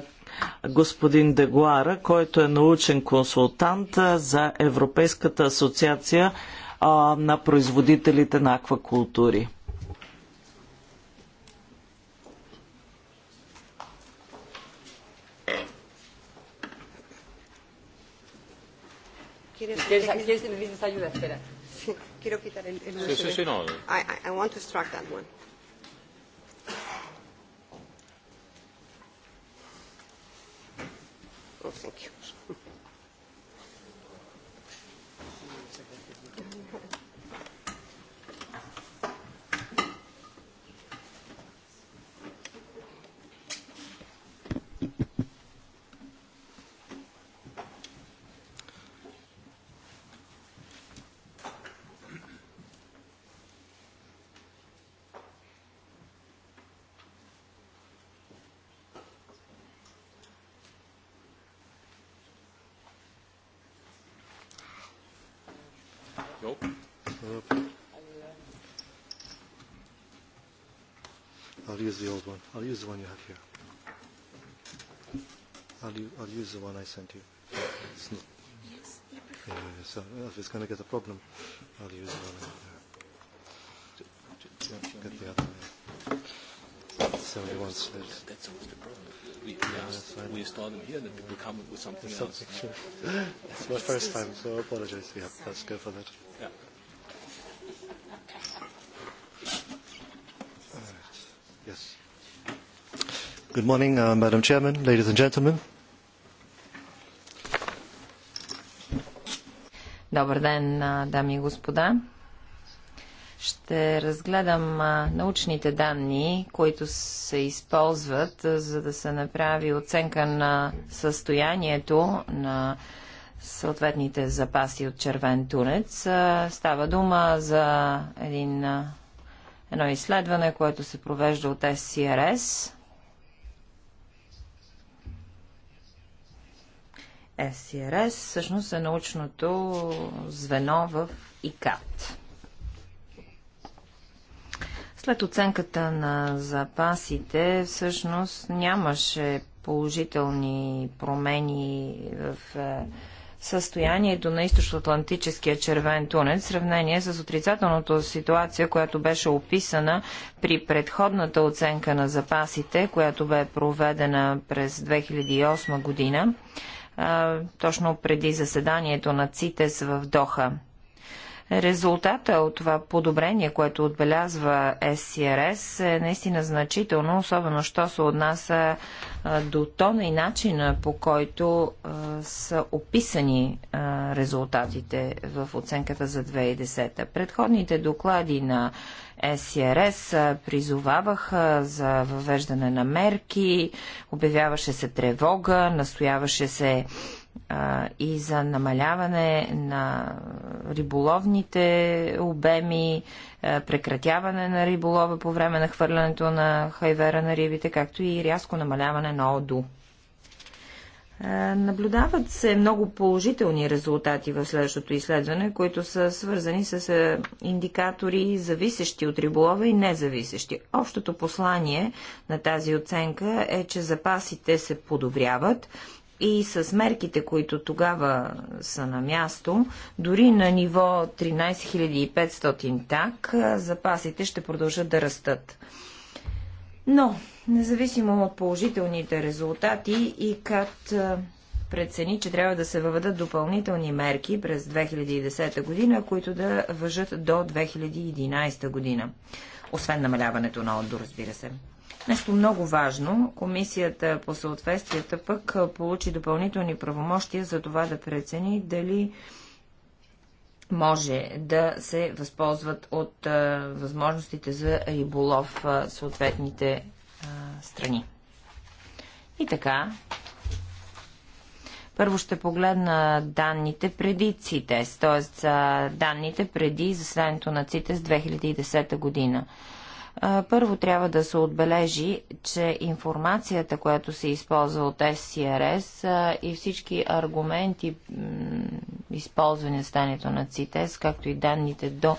Speaker 3: господин Дегуара, който е научен консултант за Европейската асоциация а, на производителите на аквакултури.
Speaker 1: ¿Quieres, necesitas ayuda? Espera. Sí, quiero quitar el, el USB. Sí, sí, sí, no. I, I want to extract that one.
Speaker 3: Oh, thank you.
Speaker 2: use the old one. I'll use the one you have here. I'll, I'll use the one I sent you. It's not, yes, yeah, yeah, so if it's going to get a problem, I'll use the one I have there. Get the other one. Somebody wants that. That's always the problem. We, we, yeah, ask, we install them here and then people come with something else. It's my first time, so I apologize. Yeah, let's go for that. Good morning, uh, Madam Chairman, ladies and gentlemen.
Speaker 1: Добър ден, дами и господа. Ще разгледам научните данни, които се използват, за да се направи оценка на състоянието на съответните запаси от червен тунец. Става дума за един, едно изследване, което се провежда от SCRS SCRS, всъщност е научното звено в ИКАТ. След оценката на запасите, всъщност нямаше положителни промени в е, състоянието на източно-атлантическия червен тунец в сравнение с отрицателната ситуация, която беше описана при предходната оценка на запасите, която бе проведена през 2008 година точно преди заседанието на ЦИТЕС в Доха. Резултата от това подобрение, което отбелязва SCRS е наистина значително, особено що се отнася до тона и начина по който са описани резултатите в оценката за 2010. Предходните доклади на SCRS призоваваха за въвеждане на мерки, обявяваше се тревога, настояваше се и за намаляване на риболовните обеми, прекратяване на риболова по време на хвърлянето на хайвера на рибите, както и рязко намаляване на ОДУ. Наблюдават се много положителни резултати в следващото изследване, които са свързани с индикатори зависещи от риболова и независещи. Общото послание на тази оценка е, че запасите се подобряват, и с мерките, които тогава са на място, дори на ниво 13500 так, запасите ще продължат да растат. Но, независимо от положителните резултати и КАТ прецени, че трябва да се въведат допълнителни мерки през 2010 година, които да въжат до 2011 година. Освен намаляването на отдо, разбира се. Нещо много важно. Комисията по съответствията пък получи допълнителни правомощия за това да прецени дали може да се възползват от а, възможностите за риболов в съответните а, страни. И така, първо ще погледна данните преди ЦИТЕС, т.е. данните преди заседанието на ЦИТЕС 2010 година. Първо трябва да се отбележи, че информацията, която се използва от SCRS и всички аргументи, използвани станието на ЦИТЕС, както и данните до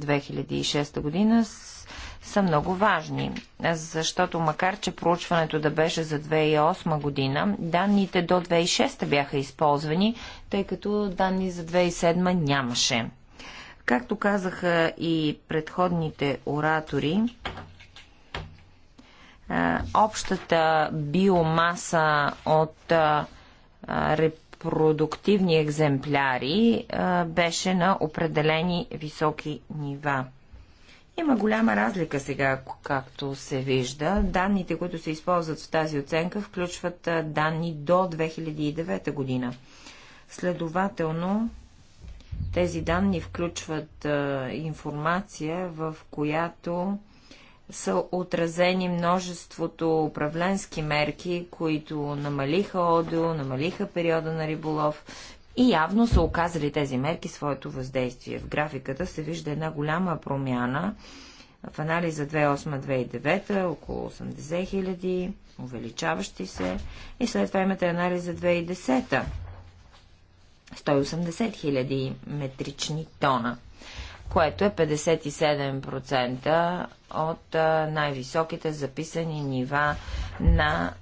Speaker 1: 2006 година, са много важни, защото макар, че проучването да беше за 2008 година, данните до 2006 бяха използвани, тъй като данни за 2007 нямаше. Както казаха и предходните оратори, общата биомаса от репродуктивни екземпляри беше на определени високи нива. Има голяма разлика сега, както се вижда. Данните, които се използват в тази оценка, включват данни до 2009 година. Следователно, тези данни включват а, информация, в която са отразени множеството управленски мерки, които намалиха ОДО, намалиха периода на риболов и явно са оказали тези мерки своето въздействие. В графиката се вижда една голяма промяна в анализа 2008-2009, около 80 000, увеличаващи се, и след това имате анализа 2010 180 000 метрични тона, което е 57% от най-високите записани нива на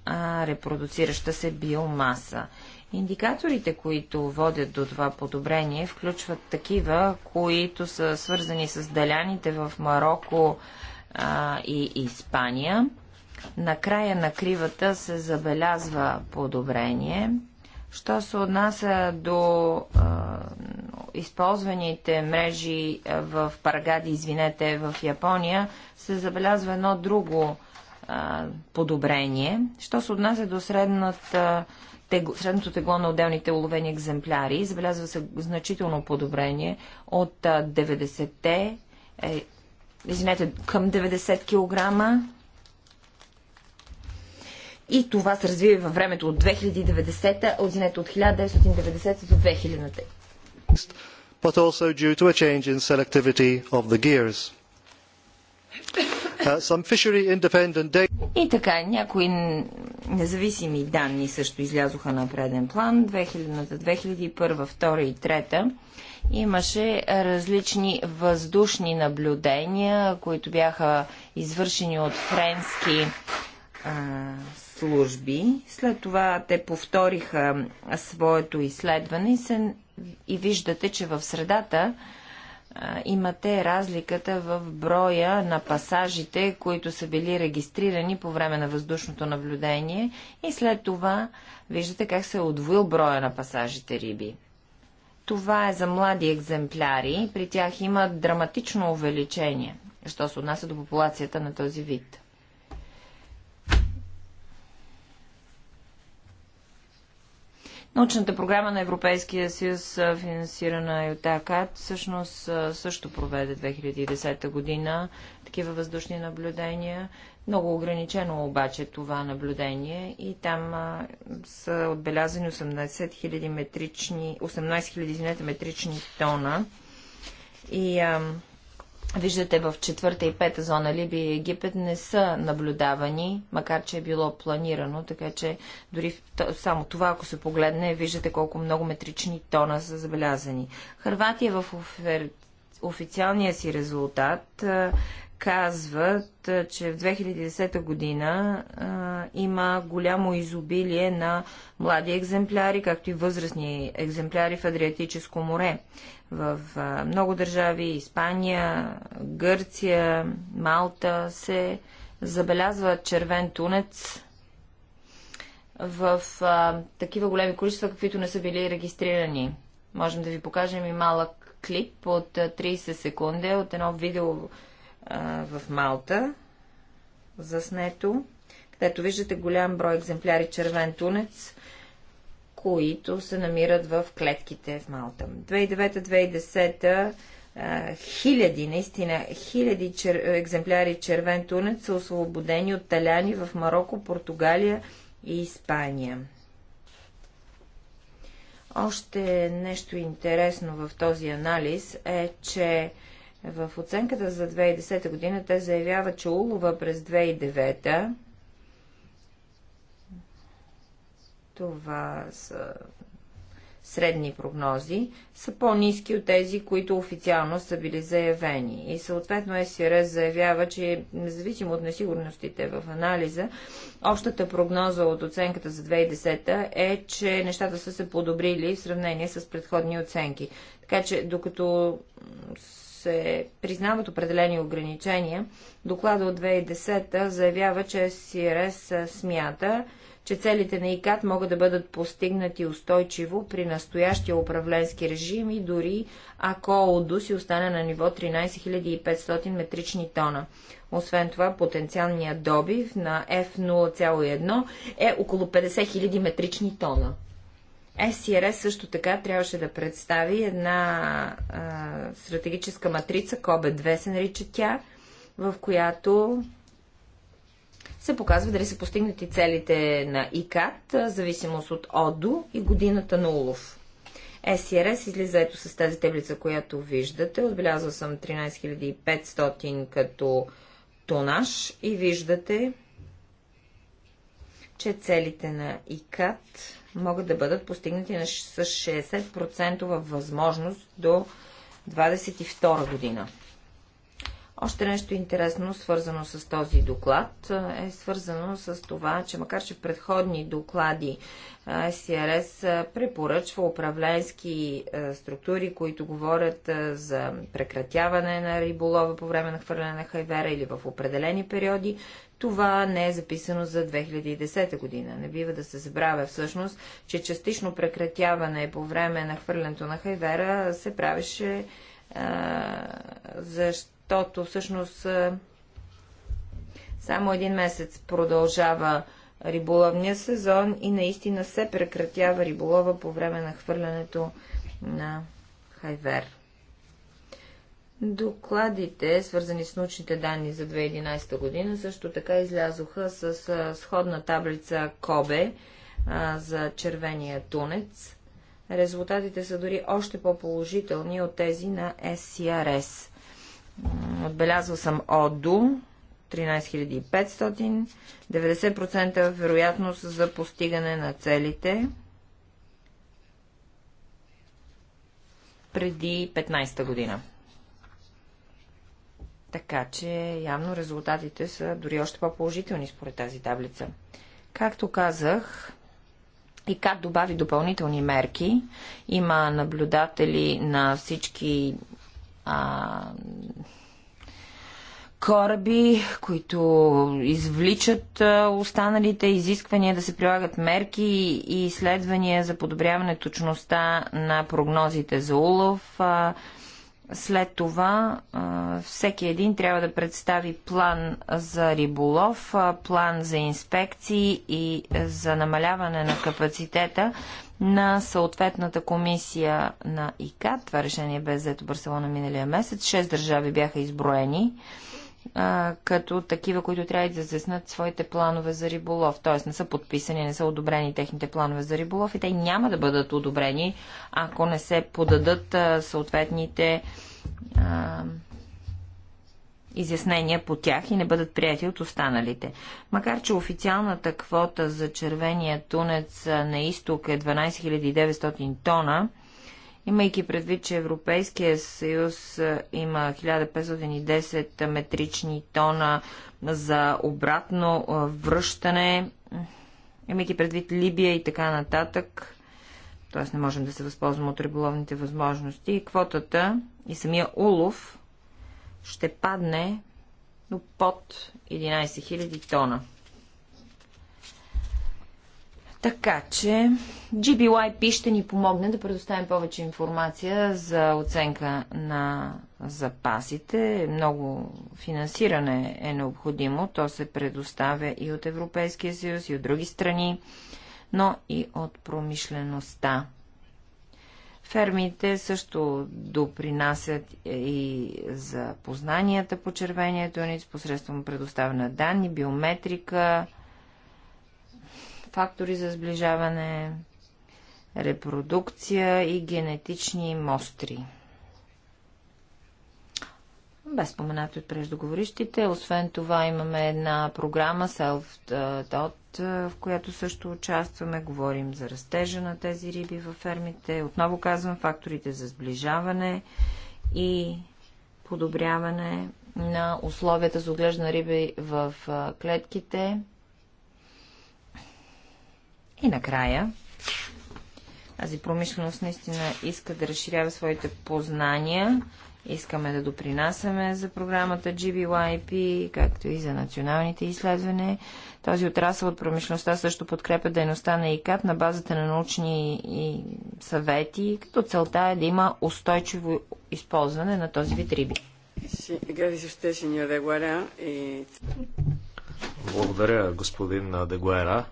Speaker 1: репродуцираща се биомаса. Индикаторите, които водят до това подобрение, включват такива, които са свързани с даляните в Марокко а, и Испания. Накрая на кривата се забелязва подобрение Що се отнася до а, използваните мрежи в Парагади, извинете, в Япония, се забелязва едно друго а, подобрение. Що се отнася до средната, тегло, средното тегло на отделните уловени екземпляри, забелязва се значително подобрение от 90-те, е, извинете, към 90 кг и това се развива във времето от 2090, та от от 1990 до 2000 та
Speaker 2: But also due to a change in selectivity of the gears. Uh,
Speaker 1: some fishery independent data... И така, някои независими данни също излязоха на преден план. 2000-та, 2001, та 2002 та и 2003 имаше различни въздушни наблюдения, които бяха извършени от френски а, служби. След това те повториха своето изследване и, се, и виждате, че в средата а, имате разликата в броя на пасажите, които са били регистрирани по време на въздушното наблюдение и след това виждате как се е отвоил броя на пасажите риби. Това е за млади екземпляри. При тях има драматично увеличение, що се отнася до популацията на този вид. Научната програма на Европейския съюз, финансирана и от АКАД, всъщност също проведе 2010 година такива въздушни наблюдения. Много ограничено обаче това наблюдение и там а, са отбелязани 18 000 метрични, 18 000 метрични тона. И ам, Виждате в четвърта и пета зона Либия и Египет не са наблюдавани, макар че е било планирано, така че дори само това, ако се погледне, виждате колко много метрични тона са забелязани. Хрватия е в офер... официалния си резултат казват, че в 2010 година а, има голямо изобилие на млади екземпляри, както и възрастни екземпляри в Адриатическо море. В а, много държави, Испания, Гърция, Малта, се забелязва червен тунец в а, такива големи количества, каквито не са били регистрирани. Можем да ви покажем и малък клип от 30 секунди от едно видео а, в Малта, заснето, където виждате голям брой екземпляри червен тунец, които се намират в клетките в Малта. 2009-2010 хиляди, наистина хиляди чер... екземпляри червен тунец са освободени от таляни в Марокко, Португалия и Испания. Още нещо интересно в този анализ е, че в оценката за 2010 година те заявяват, че улова през 2009 това са средни прогнози, са по-низки от тези, които официално са били заявени. И съответно СРС заявява, че независимо от несигурностите в анализа, общата прогноза от оценката за 2010 е, че нещата са се подобрили в сравнение с предходни оценки. Така че, докато се признават определени ограничения, доклада от 2010 заявява, че СРС смята, че целите на ИКАТ могат да бъдат постигнати устойчиво при настоящия управленски режим и дори ако ОДУ си остане на ниво 13 500 метрични тона. Освен това, потенциалният добив на F0,1 е около 50 000 метрични тона. SCRS също така трябваше да представи една а, стратегическа матрица, КОБЕ-2 се нарича тя, в която се показва дали са постигнати целите на ИКАТ, в зависимост от ОДО и годината на улов. SCRS излиза ето с тази таблица, която виждате. Отбелязал съм 13500 като тонаж и виждате, че целите на ИКАТ могат да бъдат постигнати с 60% възможност до 2022 година. Още нещо интересно, свързано с този доклад, е свързано с това, че макар че предходни доклади СРС препоръчва управленски структури, които говорят за прекратяване на риболова по време на хвърляне на хайвера или в определени периоди, това не е записано за 2010 година. Не бива да се забравя всъщност, че частично прекратяване по време на хвърлянето на Хайвера се правеше, а, защото всъщност а, само един месец продължава риболовния сезон и наистина се прекратява риболова по време на хвърлянето на хайвера. Докладите, свързани с научните данни за 2011 година, също така излязоха с сходна таблица Кобе за червения тунец. Резултатите са дори още по-положителни от тези на SCRS. Отбелязва съм ОДУ 13500, 90% вероятност за постигане на целите преди 15 година. Така че явно резултатите са дори още по-положителни според тази таблица. Както казах, и как добави допълнителни мерки. Има наблюдатели на всички а, кораби, които извличат останалите изисквания да се прилагат мерки и изследвания за подобряване точността на прогнозите за улов. А, след това всеки един трябва да представи план за риболов, план за инспекции и за намаляване на капацитета на съответната комисия на ИКА. Това решение бе взето Барселона миналия месец. Шест държави бяха изброени а, като такива, които трябва да заснат своите планове за риболов. Т.е. не са подписани, не са одобрени техните планове за риболов и те няма да бъдат одобрени, ако не се подадат а, съответните а, изяснения по тях и не бъдат прияти от останалите. Макар, че официалната квота за червения тунец на изток е 12 900 тона, Имайки предвид, че Европейския съюз има 1510 метрични тона за обратно връщане, имайки предвид Либия и така нататък, т.е. не можем да се възползваме от риболовните възможности, и квотата и самия улов ще падне под 11 000 тона. Така че GBYP ще ни помогне да предоставим повече информация за оценка на запасите. Много финансиране е необходимо. То се предоставя и от Европейския съюз, и от други страни, но и от промишлеността. Фермите също допринасят и за познанията по червения тунец посредством предоставяне на данни, биометрика, фактори за сближаване, репродукция и генетични мостри. Без споменато от преждоговорищите. Освен това имаме една програма Self-Dot, е, в която също участваме. Говорим за растежа на тези риби във фермите. Отново казвам факторите за сближаване и подобряване на условията за оглеждане на риби в е, клетките и накрая, тази промишленост наистина иска да разширява своите познания. Искаме да допринасяме за програмата GBYP, както и за националните изследвания. Този отрасъл от промишлеността също подкрепя дейността на ИКАТ на базата на научни и съвети, като целта е да има устойчиво използване на този вид риби.
Speaker 2: Благодаря, господин Дегуера.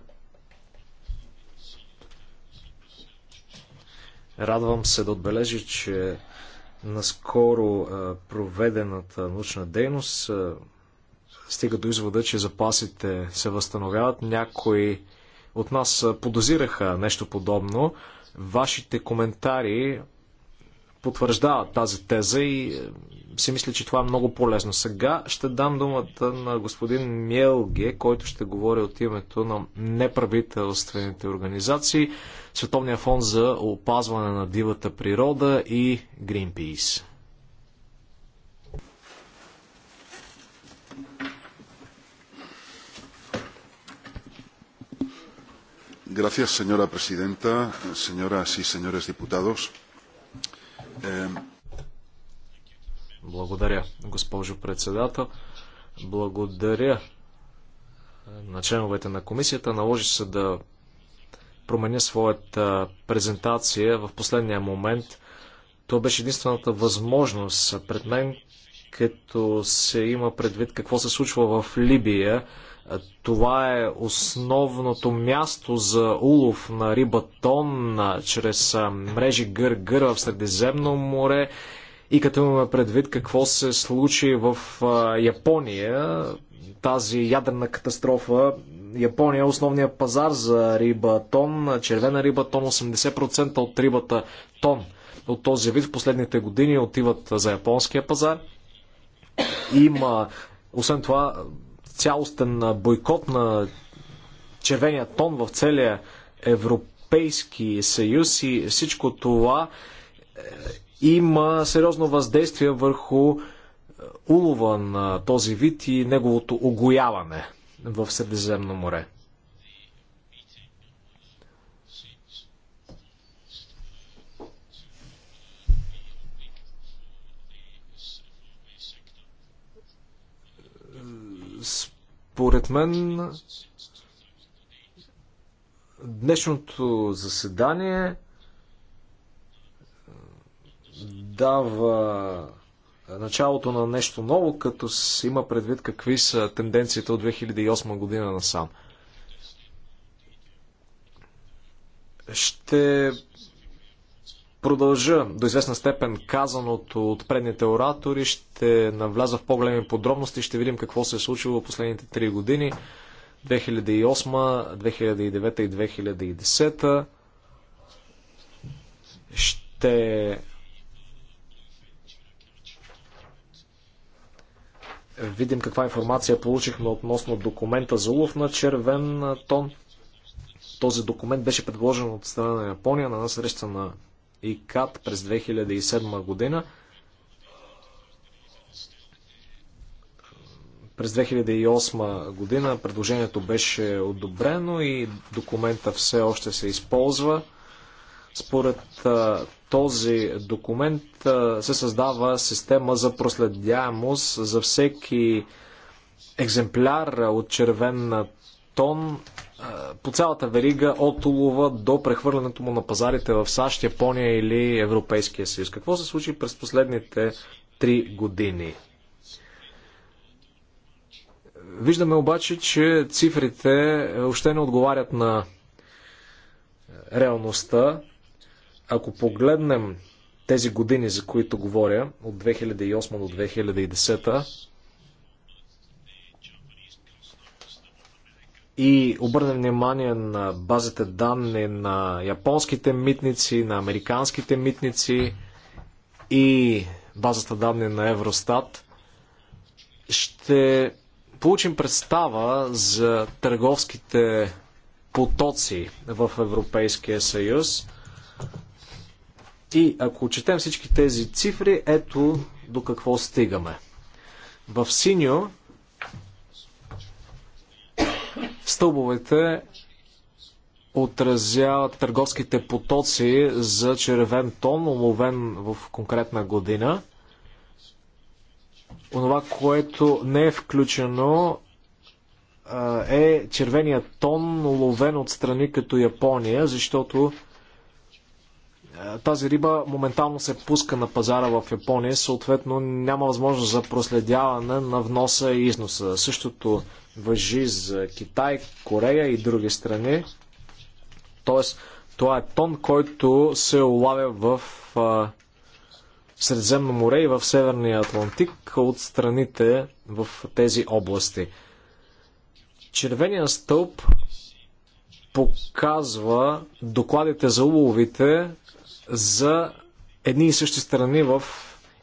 Speaker 2: Радвам се да отбележа, че наскоро проведената научна дейност стига до извода, че запасите се възстановяват. Някои от нас подозираха нещо подобно. Вашите коментари потвърждават тази теза и си мисля, че това е много полезно. Сега ще дам думата на господин Мелге, който ще говори от името на неправителствените организации, Световния фонд за опазване на дивата природа и Greenpeace.
Speaker 3: Gracias, señora
Speaker 2: presidenta, señoras y señores diputados. Eh, благодаря, госпожо председател. Благодаря на членовете на комисията. Наложи се да променя своята презентация в последния момент. То беше единствената възможност пред мен, като се има предвид какво се случва в Либия. Това е основното място за улов на риба тон чрез мрежи гър-гър в Средиземно море и като имаме предвид какво се случи в Япония, тази ядрена катастрофа, Япония е основният пазар за риба тон, червена риба тон, 80% от рибата тон от този вид в последните години отиват за японския пазар. Има, освен това, цялостен бойкот на червения тон в целия Европейски съюз и всичко това има сериозно въздействие върху е, улова на този вид и неговото огояване в Средиземно море. Според мен днешното заседание дава началото на нещо ново, като има предвид какви са тенденциите от 2008 година насам. Ще продължа до известна степен казаното от предните оратори, ще навляза в по-големи подробности, ще видим какво се е случило в последните 3 години 2008, 2009 и 2010. Ще видим каква информация получихме относно документа за улов на червен тон. Този документ беше предложен от страна на Япония на среща на ИКАТ през 2007 година. През 2008 година предложението беше одобрено и документа все още се използва. Според този документ се създава система за проследяемост за всеки екземпляр от червен тон по цялата верига от улова до прехвърлянето му на пазарите в САЩ, Япония или Европейския съюз. Какво се случи през последните три години? Виждаме обаче, че цифрите още не отговарят на реалността. Ако погледнем тези години, за които говоря, от 2008 до 2010 и обърнем внимание на базите данни на японските митници, на американските митници и базата данни на Евростат, ще получим представа за търговските потоци в Европейския съюз – и ако четем всички тези цифри, ето до какво стигаме. В синьо стълбовете отразяват търговските потоци за червен тон, умовен в конкретна година. Онова, което не е включено е червения тон, уловен от страни като Япония, защото тази риба моментално се пуска на пазара в Япония, съответно няма възможност за проследяване на вноса и износа. Същото въжи за Китай, Корея и други страни. Тоест, това е тон, който се улавя в а, Средземно море и в Северния Атлантик от страните в тези области. Червения стълб показва докладите за уловите за едни и същи страни в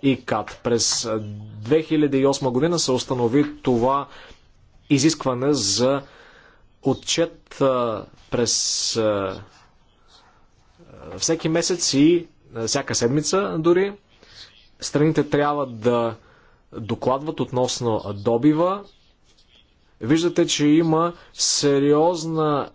Speaker 2: ИКАТ. През 2008 година се установи това изискване за отчет през всеки месец и всяка седмица дори. Страните трябва да докладват относно добива. Виждате, че има сериозна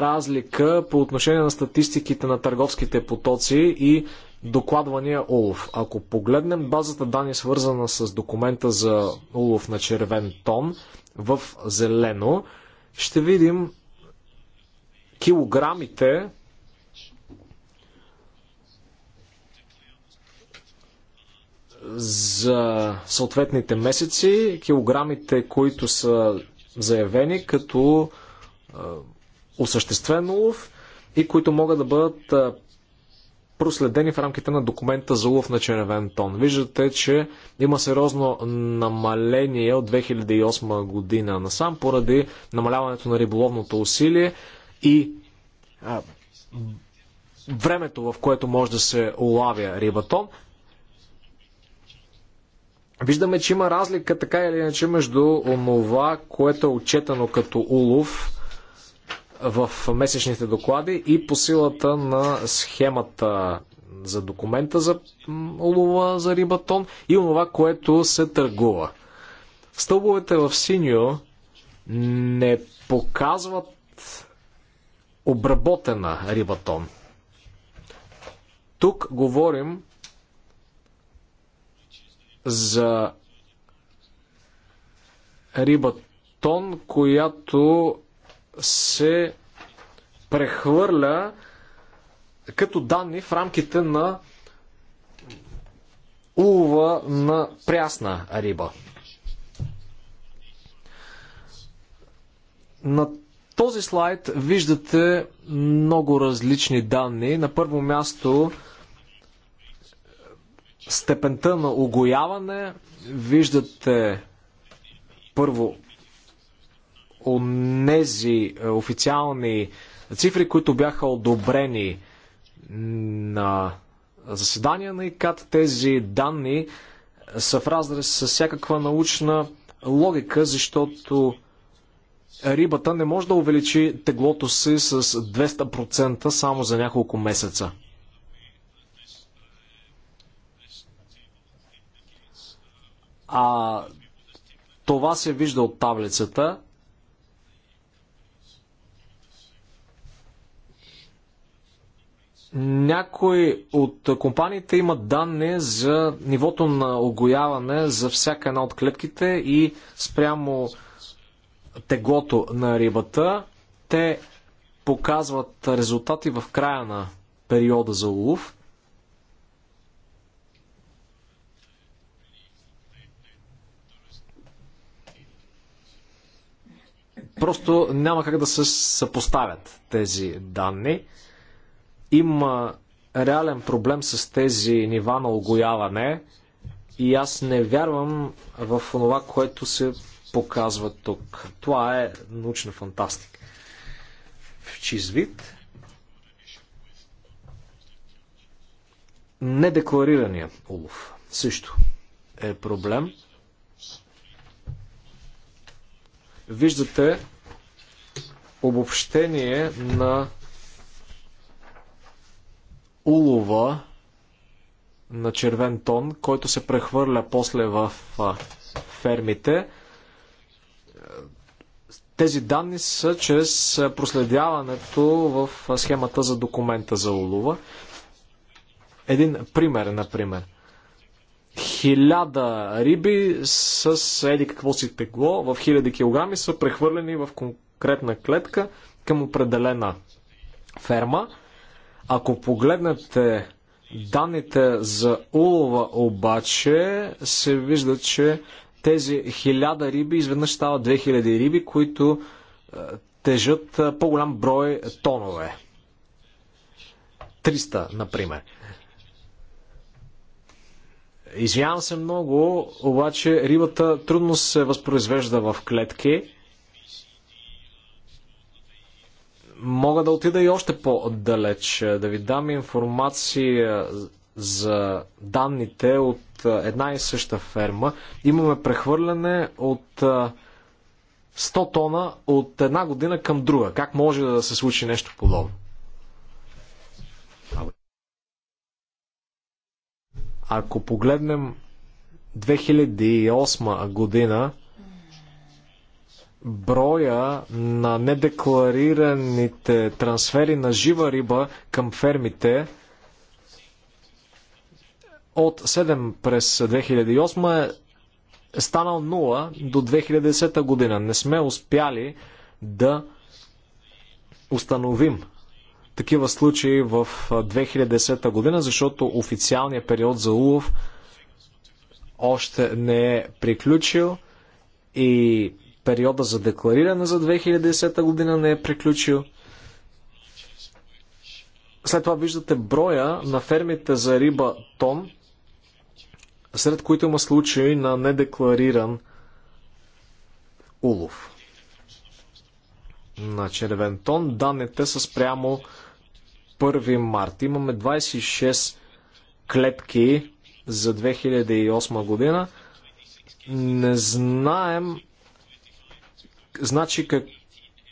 Speaker 2: разлика по отношение на статистиките на търговските потоци и докладвания улов. Ако погледнем базата данни свързана с документа за улов на червен тон в зелено, ще видим килограмите за съответните месеци, килограмите, които са заявени като осъществен улов и които могат да бъдат проследени в рамките на документа за улов на червен тон. Виждате, че има сериозно намаление от 2008 година насам поради намаляването на риболовното усилие и а, времето, в което може да се улавя рибатон. Виждаме, че има разлика така или иначе между онова, което е отчетено като улов в месечните доклади и по силата на схемата за документа за улова за рибатон и онова, което се търгува. Стълбовете в синьо не показват обработена рибатон. Тук говорим за рибатон, която се прехвърля като данни в рамките на улова на прясна риба. На този слайд виждате много различни данни. На първо място степента на огояване. Виждате първо онези е, официални цифри, които бяха одобрени на заседания на ИКАТ, тези данни са в разрез с всякаква научна логика, защото рибата не може да увеличи теглото си с 200% само за няколко месеца. А това се вижда от таблицата. Някои от компаниите имат данни за нивото на огояване за всяка една от клетките и спрямо теглото на рибата. Те показват резултати в края на периода за улов. Просто няма как да се съпоставят тези данни. Има реален проблем с тези нива на огояване и аз не вярвам в това, което се показва тук. Това е научна фантастика. В чизвид недекларирания улов също е проблем. Виждате обобщение на улова на червен тон, който се прехвърля после в фермите. Тези данни са чрез проследяването в схемата за документа за улова. Един пример, например. Хиляда риби с еди какво си тегло в хиляди килограми са прехвърлени в конкретна клетка към определена ферма – ако погледнете данните за улова обаче, се вижда, че тези 1000 риби изведнъж стават 2000 риби, които е, тежат е, по-голям брой тонове. 300, например. Извинявам се много, обаче рибата трудно се възпроизвежда в клетки. Мога да отида и още по-далеч, е, да ви дам информация за данните от е, една и съща ферма. Имаме прехвърляне от 100 е, тона от една година към друга. Как може да се случи нещо подобно? Ако погледнем 2008 година, броя на недекларираните трансфери на жива риба към фермите от 7 през 2008 е станал 0 до 2010 година. Не сме успяли да установим такива случаи в 2010 година, защото официалният период за улов още не е приключил и Периода за деклариране за 2010 година не е приключил. След това виждате броя на фермите за риба тон, сред които има случаи на недеклариран улов на червен тон. Данните са спрямо 1 март. Имаме 26 клетки за 2008 година. Не знаем значи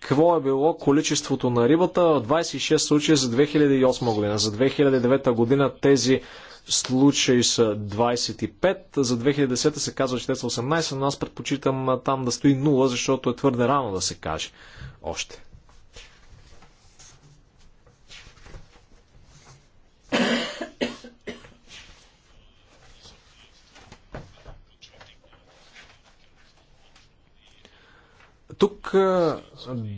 Speaker 2: какво е било количеството на рибата. В 26 случая за 2008 година. За 2009 година тези случаи са 25. За 2010 се казва, че те са 18, но аз предпочитам там да стои 0, защото е твърде рано да се каже още. Тук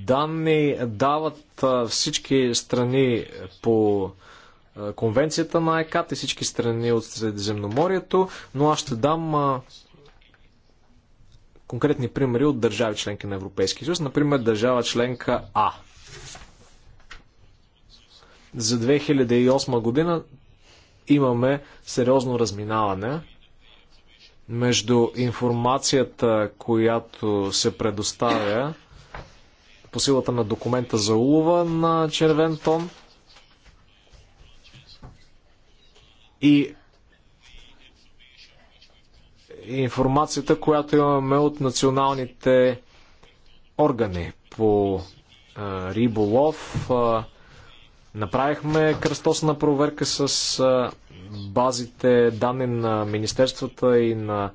Speaker 2: данни дават всички страни по конвенцията на ЕКАТ и всички страни от Средиземноморието, но аз ще дам конкретни примери от държави членки на Европейския съюз. Например, държава членка А. За 2008 година имаме сериозно разминаване между информацията, която се предоставя по силата на документа за улова на червен тон и информацията, която имаме от националните органи по риболов. Направихме кръстосна проверка с базите данни на министерствата и на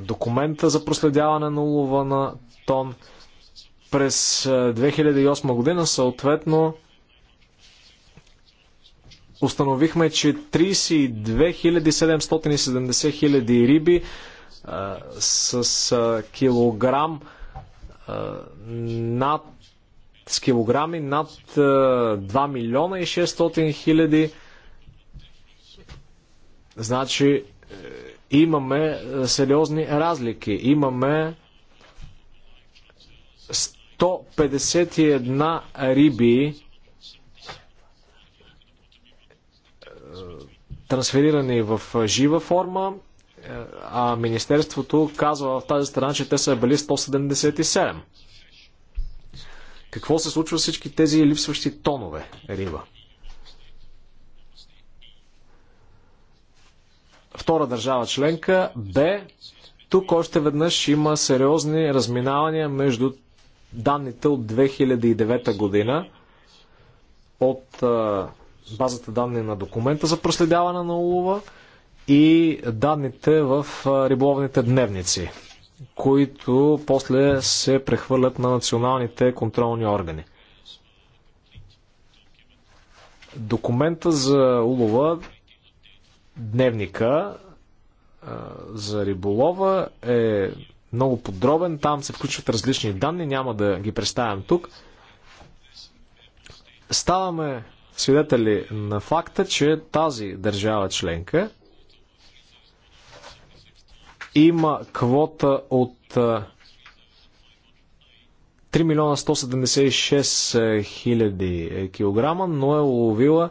Speaker 2: документа за проследяване на улова на тон. През 2008 година съответно установихме, че 32 770 хиляди риби а, с а, килограм а, над с килограми над 2 милиона и 600 хиляди 000 Значи е, имаме е, сериозни разлики. Имаме 151 риби е, трансферирани в жива форма, а Министерството казва в тази страна, че те са били 177. Какво се случва с всички тези липсващи тонове риба? втора държава членка, Б, тук още веднъж има сериозни разминавания между данните от 2009 година от базата данни на документа за проследяване на улова и данните в риболовните дневници, които после се прехвърлят на националните контролни органи. Документа за улова Дневника за риболова е много подробен. Там се включват различни данни, няма да ги представям тук. Ставаме свидетели на факта, че тази държава членка има квота от 3 милиона 176 хиляди килограма, но е уловила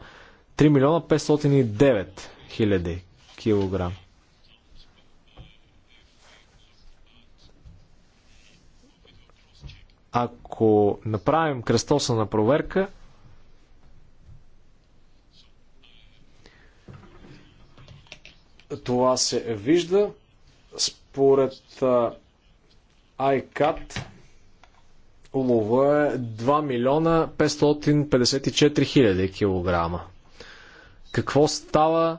Speaker 2: 3 милиона 509 хиляди килограм. Ако направим кръстосана проверка, това се вижда. Според ICAT улова е 2 милиона 554 хиляди килограма. Какво става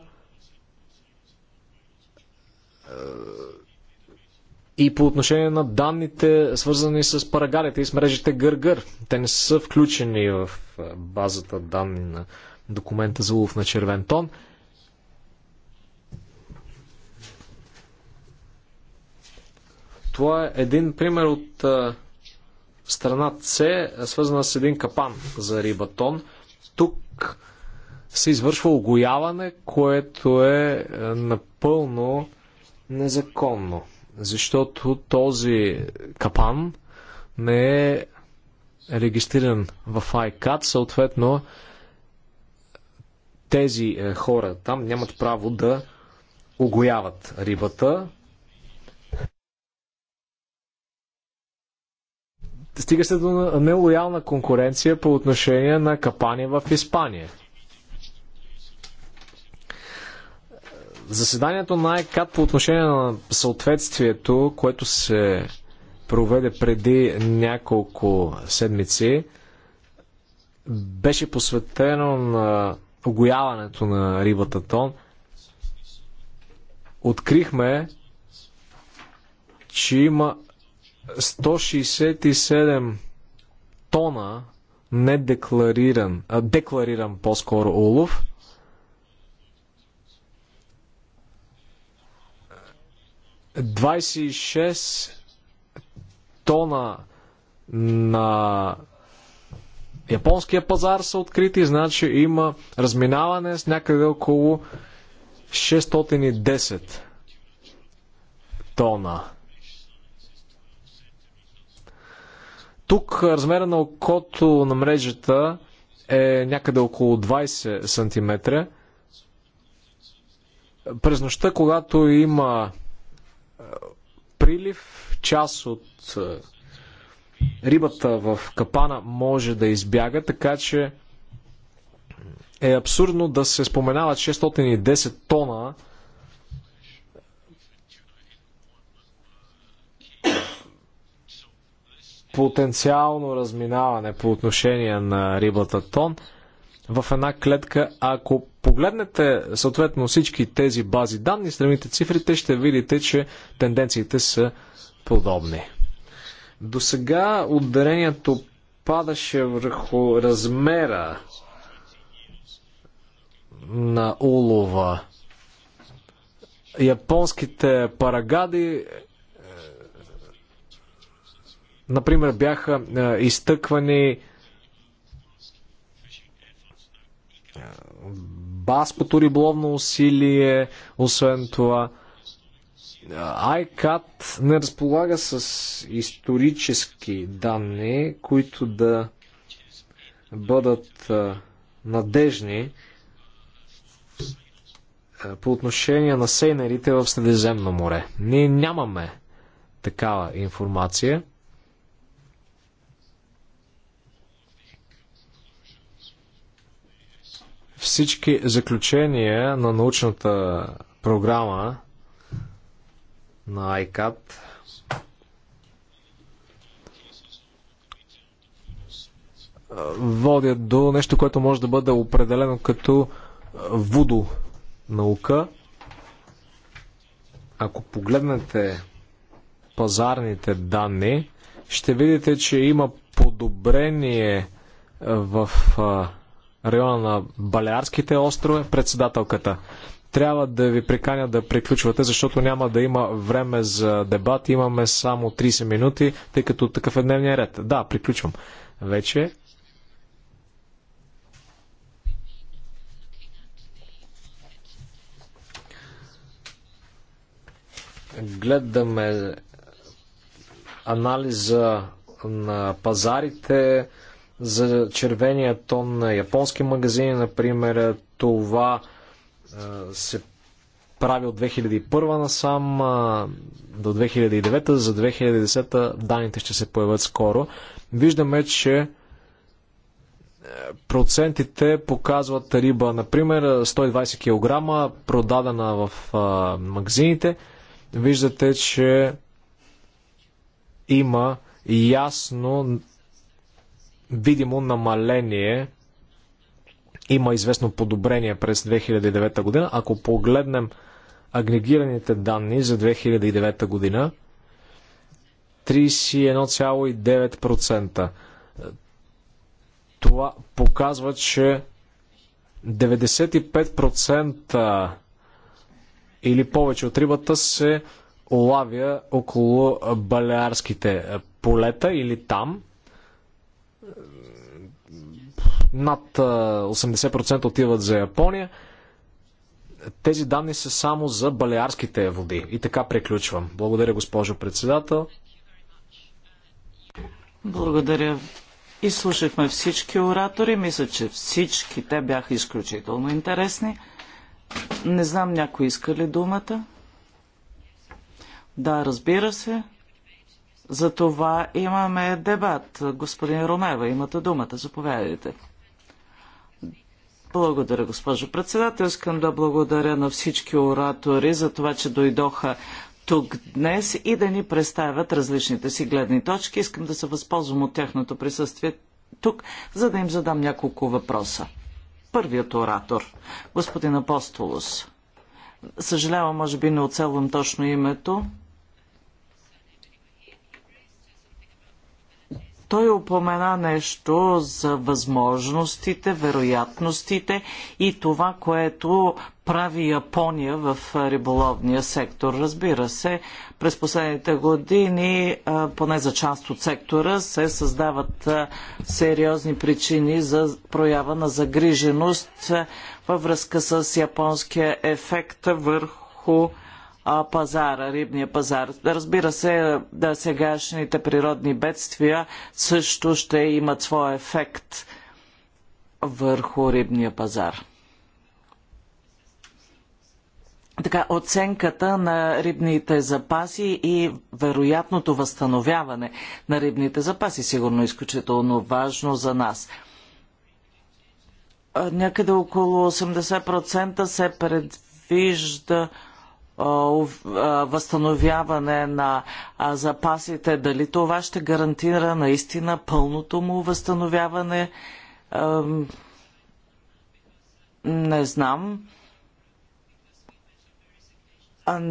Speaker 2: и по отношение на данните, свързани с парагарите и с мрежите Гъргър. Те не са включени в базата данни на документа за улов на червен тон. Това е един пример от страна С, свързана с един капан за рибатон. Тук се извършва огояване, което е напълно незаконно, защото този капан не е регистриран в ICAT, съответно тези е, хора там нямат право да огояват рибата. Стига се до нелоялна конкуренция по отношение на капани в Испания. Заседанието на ЕКАТ по отношение на съответствието, което се проведе преди няколко седмици, беше посветено на огояването на рибата тон. Открихме, че има 167 тона недеклариран, а деклариран по-скоро улов – 26 тона на японския пазар са открити, значи има разминаване с някъде около 610 тона. Тук размера на окото на мрежата е някъде около 20 см. През нощта, когато има прилив, част от е, рибата в капана може да избяга, така че е абсурдно да се споменават 610 тона потенциално разминаване по отношение на рибата тон – в една клетка. А ако погледнете съответно всички тези бази данни, сравните цифрите, ще видите, че тенденциите са подобни. До сега ударението падаше върху размера на улова. Японските парагади е, например, бяха е, изтъквани Баското риболовно усилие, освен това. ICAT не разполага с исторически данни, които да бъдат надежни по отношение на сейнерите в Средиземно море. Ние нямаме такава информация. всички заключения на научната програма на ICAT водят до нещо, което може да бъде определено като вудо наука. Ако погледнете пазарните данни, ще видите, че има подобрение в района на Балеарските острове, председателката. Трябва да ви приканя да приключвате, защото няма да има време за дебат. Имаме само 30 минути, тъй като такъв е дневния ред. Да, приключвам. Вече. Гледаме анализа на пазарите, за червения тон на японски магазини, например, това се прави от 2001 насам до 2009, за 2010 данните ще се появят скоро. Виждаме, че процентите показват риба, например, 120 кг, продадена в магазините. Виждате, че има ясно видимо намаление. Има известно подобрение през 2009 година. Ако погледнем агрегираните данни за 2009 година, 31,9%. Това показва, че 95% или повече от рибата се улавя около Балеарските полета или там над 80% отиват за Япония. Тези данни са само за балеарските води. И така приключвам. Благодаря, госпожо председател.
Speaker 3: Благодаря. слушахме всички оратори. Мисля, че всички те бяха изключително интересни. Не знам, някой иска ли думата? Да, разбира се. За това имаме дебат. Господин Ромева, имате думата. Заповядайте. Благодаря, госпожо председател. Искам да благодаря на всички оратори за това, че дойдоха тук днес и да ни представят различните си гледни точки. Искам да се възползвам от тяхното присъствие тук, за да им задам няколко въпроса. Първият оратор, господин Апостолос. Съжалявам, може би не оцелвам точно името. Той упомена нещо за възможностите, вероятностите и това, което прави Япония в риболовния сектор. Разбира се, през последните години, поне за част от сектора, се създават сериозни причини за проява на загриженост във връзка с японския ефект върху пазара, рибния пазар. Разбира се, да сегашните природни бедствия също ще имат своя ефект върху рибния пазар. Така, оценката на рибните запаси и вероятното възстановяване на рибните запаси сигурно е изключително важно за нас. Някъде около 80% се предвижда възстановяване на запасите, дали това ще гарантира наистина пълното му възстановяване? Не знам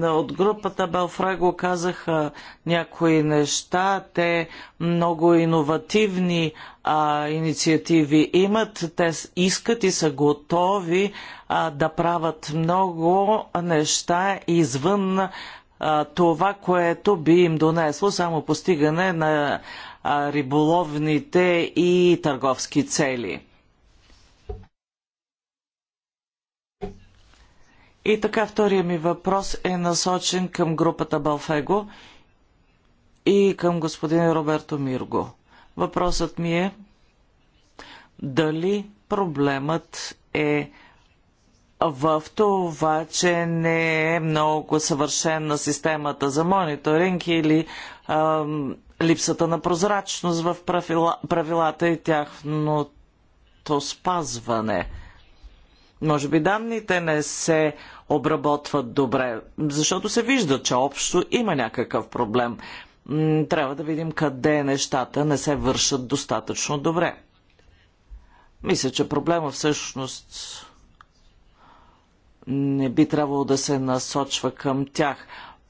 Speaker 3: от групата Белфраго казаха някои неща. Те много иновативни а, инициативи имат. Те искат и са готови а, да правят много неща извън а, това, което би им донесло само постигане на а, риболовните и търговски цели. И така втория ми въпрос е насочен към групата Балфего и към господин Роберто Мирго. Въпросът ми е дали проблемът е в това, че не е много съвършена системата за мониторинг или ам, липсата на прозрачност в правила, правилата и тяхното спазване. Може би данните не се обработват добре, защото се вижда, че общо има някакъв проблем. Трябва да видим къде нещата не се вършат достатъчно добре. Мисля, че проблема всъщност не би трябвало да се насочва към тях.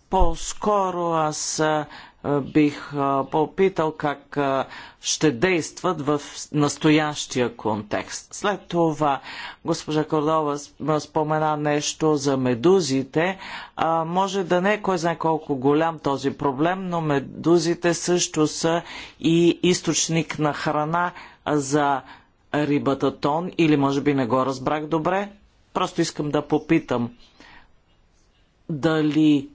Speaker 3: По-скоро аз е, бих е, попитал как е, ще действат в настоящия контекст. След това госпожа Кордова спомена нещо за медузите. Може да не е кой знае колко голям този проблем, но медузите също са и източник на храна за рибата тон, или може би не го разбрах добре. Просто искам да попитам дали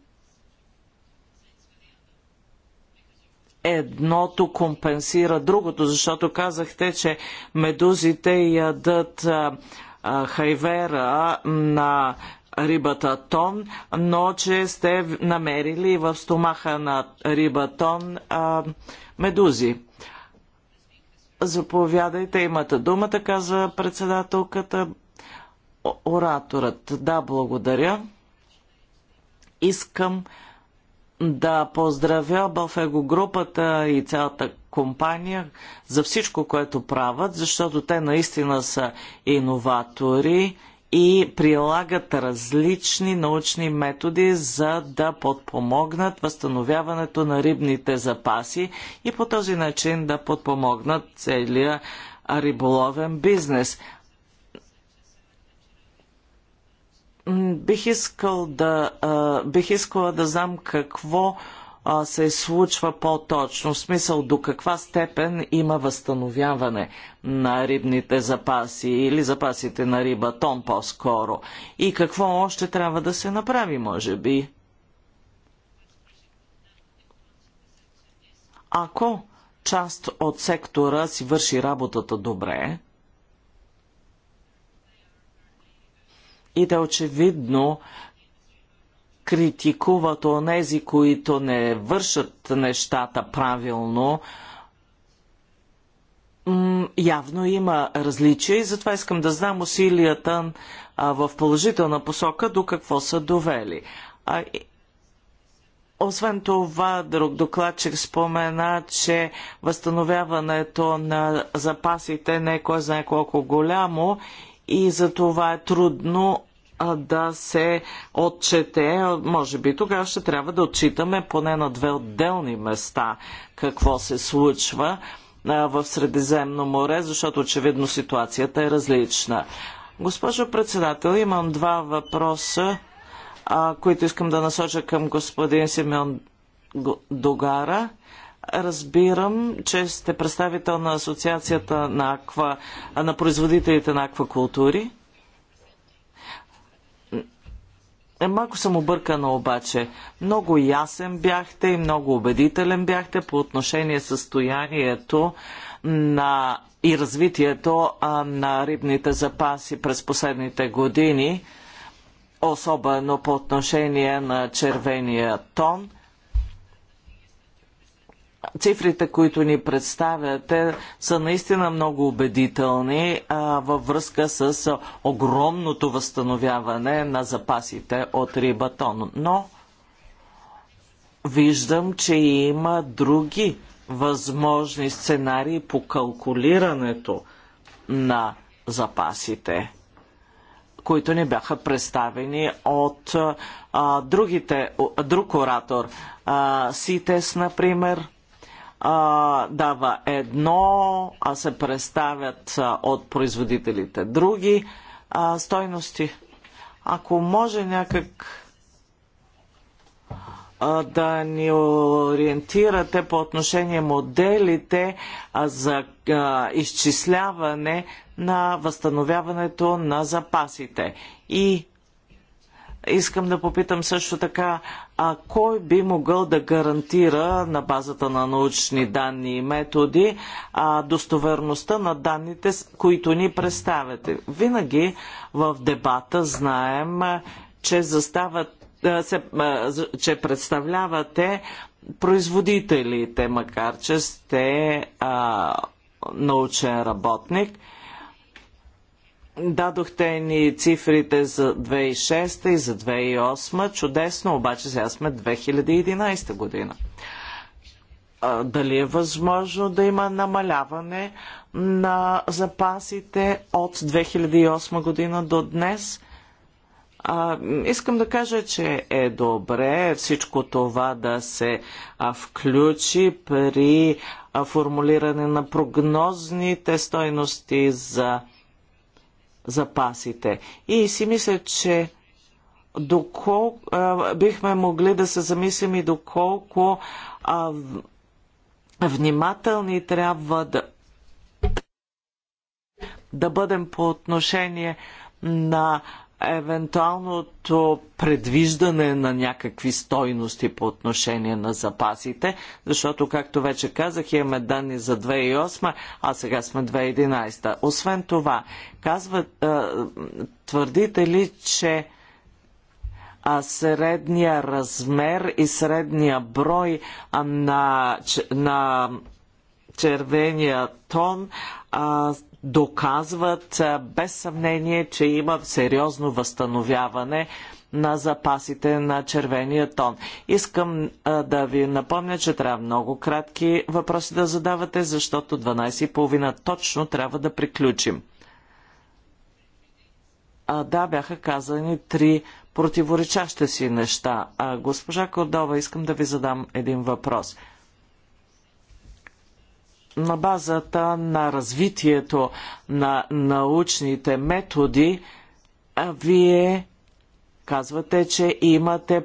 Speaker 3: едното компенсира другото, защото казахте, че медузите ядат а, а, хайвера на рибата тон, но че сте намерили в стомаха на рибатон а, медузи. Заповядайте, имате думата, каза председателката, ораторът. Да, благодаря. Искам да поздравя Бофего групата и цялата компания за всичко, което правят, защото те наистина са иноватори и прилагат различни научни методи, за да подпомогнат възстановяването на рибните запаси и по този начин да подпомогнат целия риболовен бизнес. Бих, искал да, бих искала да знам какво се случва по-точно, в смисъл до каква степен има възстановяване на рибните запаси или запасите на риба тон по-скоро и какво още трябва да се направи, може би. Ако част от сектора си върши работата добре, и да очевидно критикуват онези, които не вършат нещата правилно, явно има различия и затова искам да знам усилията в положителна посока до какво са довели. Освен това, друг докладчик спомена, че възстановяването на запасите не е кой знае колко голямо и за това е трудно да се отчете. Може би тогава ще трябва да отчитаме поне на две отделни места какво се случва в Средиземно море, защото очевидно ситуацията е различна. Госпожо председател, имам два въпроса, които искам да насоча към господин Симеон Догара. Разбирам, че сте представител на Асоциацията на, аква, на производителите на аквакултури. Е, малко съм объркана обаче. Много ясен бяхте и много убедителен бяхте по отношение състоянието на и развитието а, на рибните запаси през последните години, особено по отношение на червения тон – цифрите, които ни представяте, са наистина много убедителни а, във връзка с огромното възстановяване на запасите от рибатон. Но виждам, че има други възможни сценарии по калкулирането на запасите, които ни бяха представени от а, другите, друг оратор. А, СИТЕС, например, а, дава едно, а се представят а, от производителите други а, стойности. Ако може някак а, да ни ориентирате по отношение моделите а, за а, изчисляване на възстановяването на запасите. И искам да попитам също така а кой би могъл да гарантира на базата на научни данни и методи а, достоверността на данните, които ни представяте? Винаги в дебата знаем, че застават се, че представлявате производителите, макар че сте а, научен работник – Дадохте ни цифрите за 2006 и за 2008. Чудесно, обаче сега сме 2011 година. Дали е възможно да има намаляване на запасите от 2008 година до днес? А, искам да кажа, че е добре всичко това да се а, включи при а, формулиране на прогнозните стойности за запасите. И си мисля, че докол, а, бихме могли да се замислим и доколко а, внимателни трябва да, да бъдем по отношение на евентуалното предвиждане на някакви стойности по отношение на запасите, защото, както вече казах, имаме данни за 2008, а сега сме 2011. Освен това, казва, твърдите ли, че а средния размер и средния брой на, на червения тон а, доказват без съмнение, че има сериозно възстановяване на запасите на червения тон. Искам а, да ви напомня, че трябва много кратки въпроси да задавате, защото 12.30 точно трябва да приключим. А, да, бяха казани три противоречащи си неща. А, госпожа Кордова, искам да ви задам един въпрос на базата на развитието на научните методи, вие казвате, че имате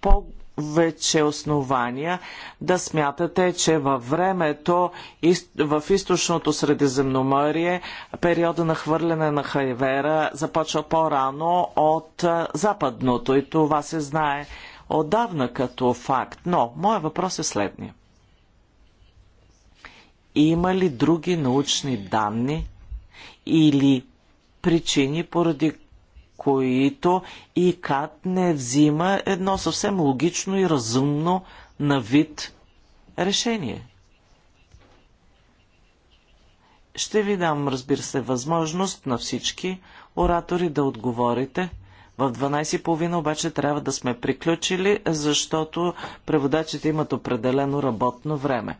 Speaker 3: повече основания да смятате, че във времето в източното Средиземноморие периода на хвърляне на хайвера започва по-рано от западното и това се знае отдавна като факт. Но, моят въпрос е следния има ли други научни данни или причини, поради които и как не взима едно съвсем логично и разумно на вид решение. Ще ви дам, разбира се, възможност на всички оратори да отговорите. В 12.30 обаче трябва да сме приключили, защото преводачите имат определено работно време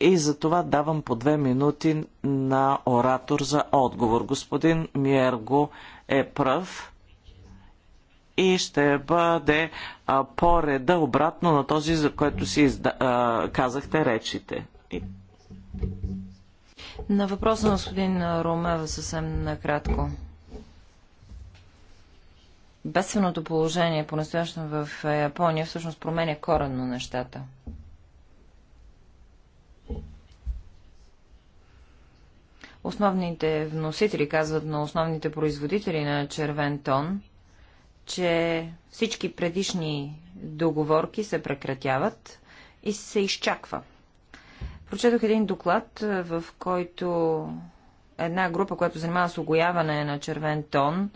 Speaker 3: и за това давам по две минути на оратор за отговор. Господин Миерго е пръв и ще бъде а, по реда обратно на този, за който си изда, а, казахте речите.
Speaker 1: И... На въпроса на господин Ромева съвсем накратко. Бедственото положение по-настоящем в Япония всъщност променя коренно нещата – Основните вносители казват на основните производители на червен тон, че всички предишни договорки се прекратяват и се изчаква. Прочетох един доклад, в който една група, която занимава с огояване на червен тон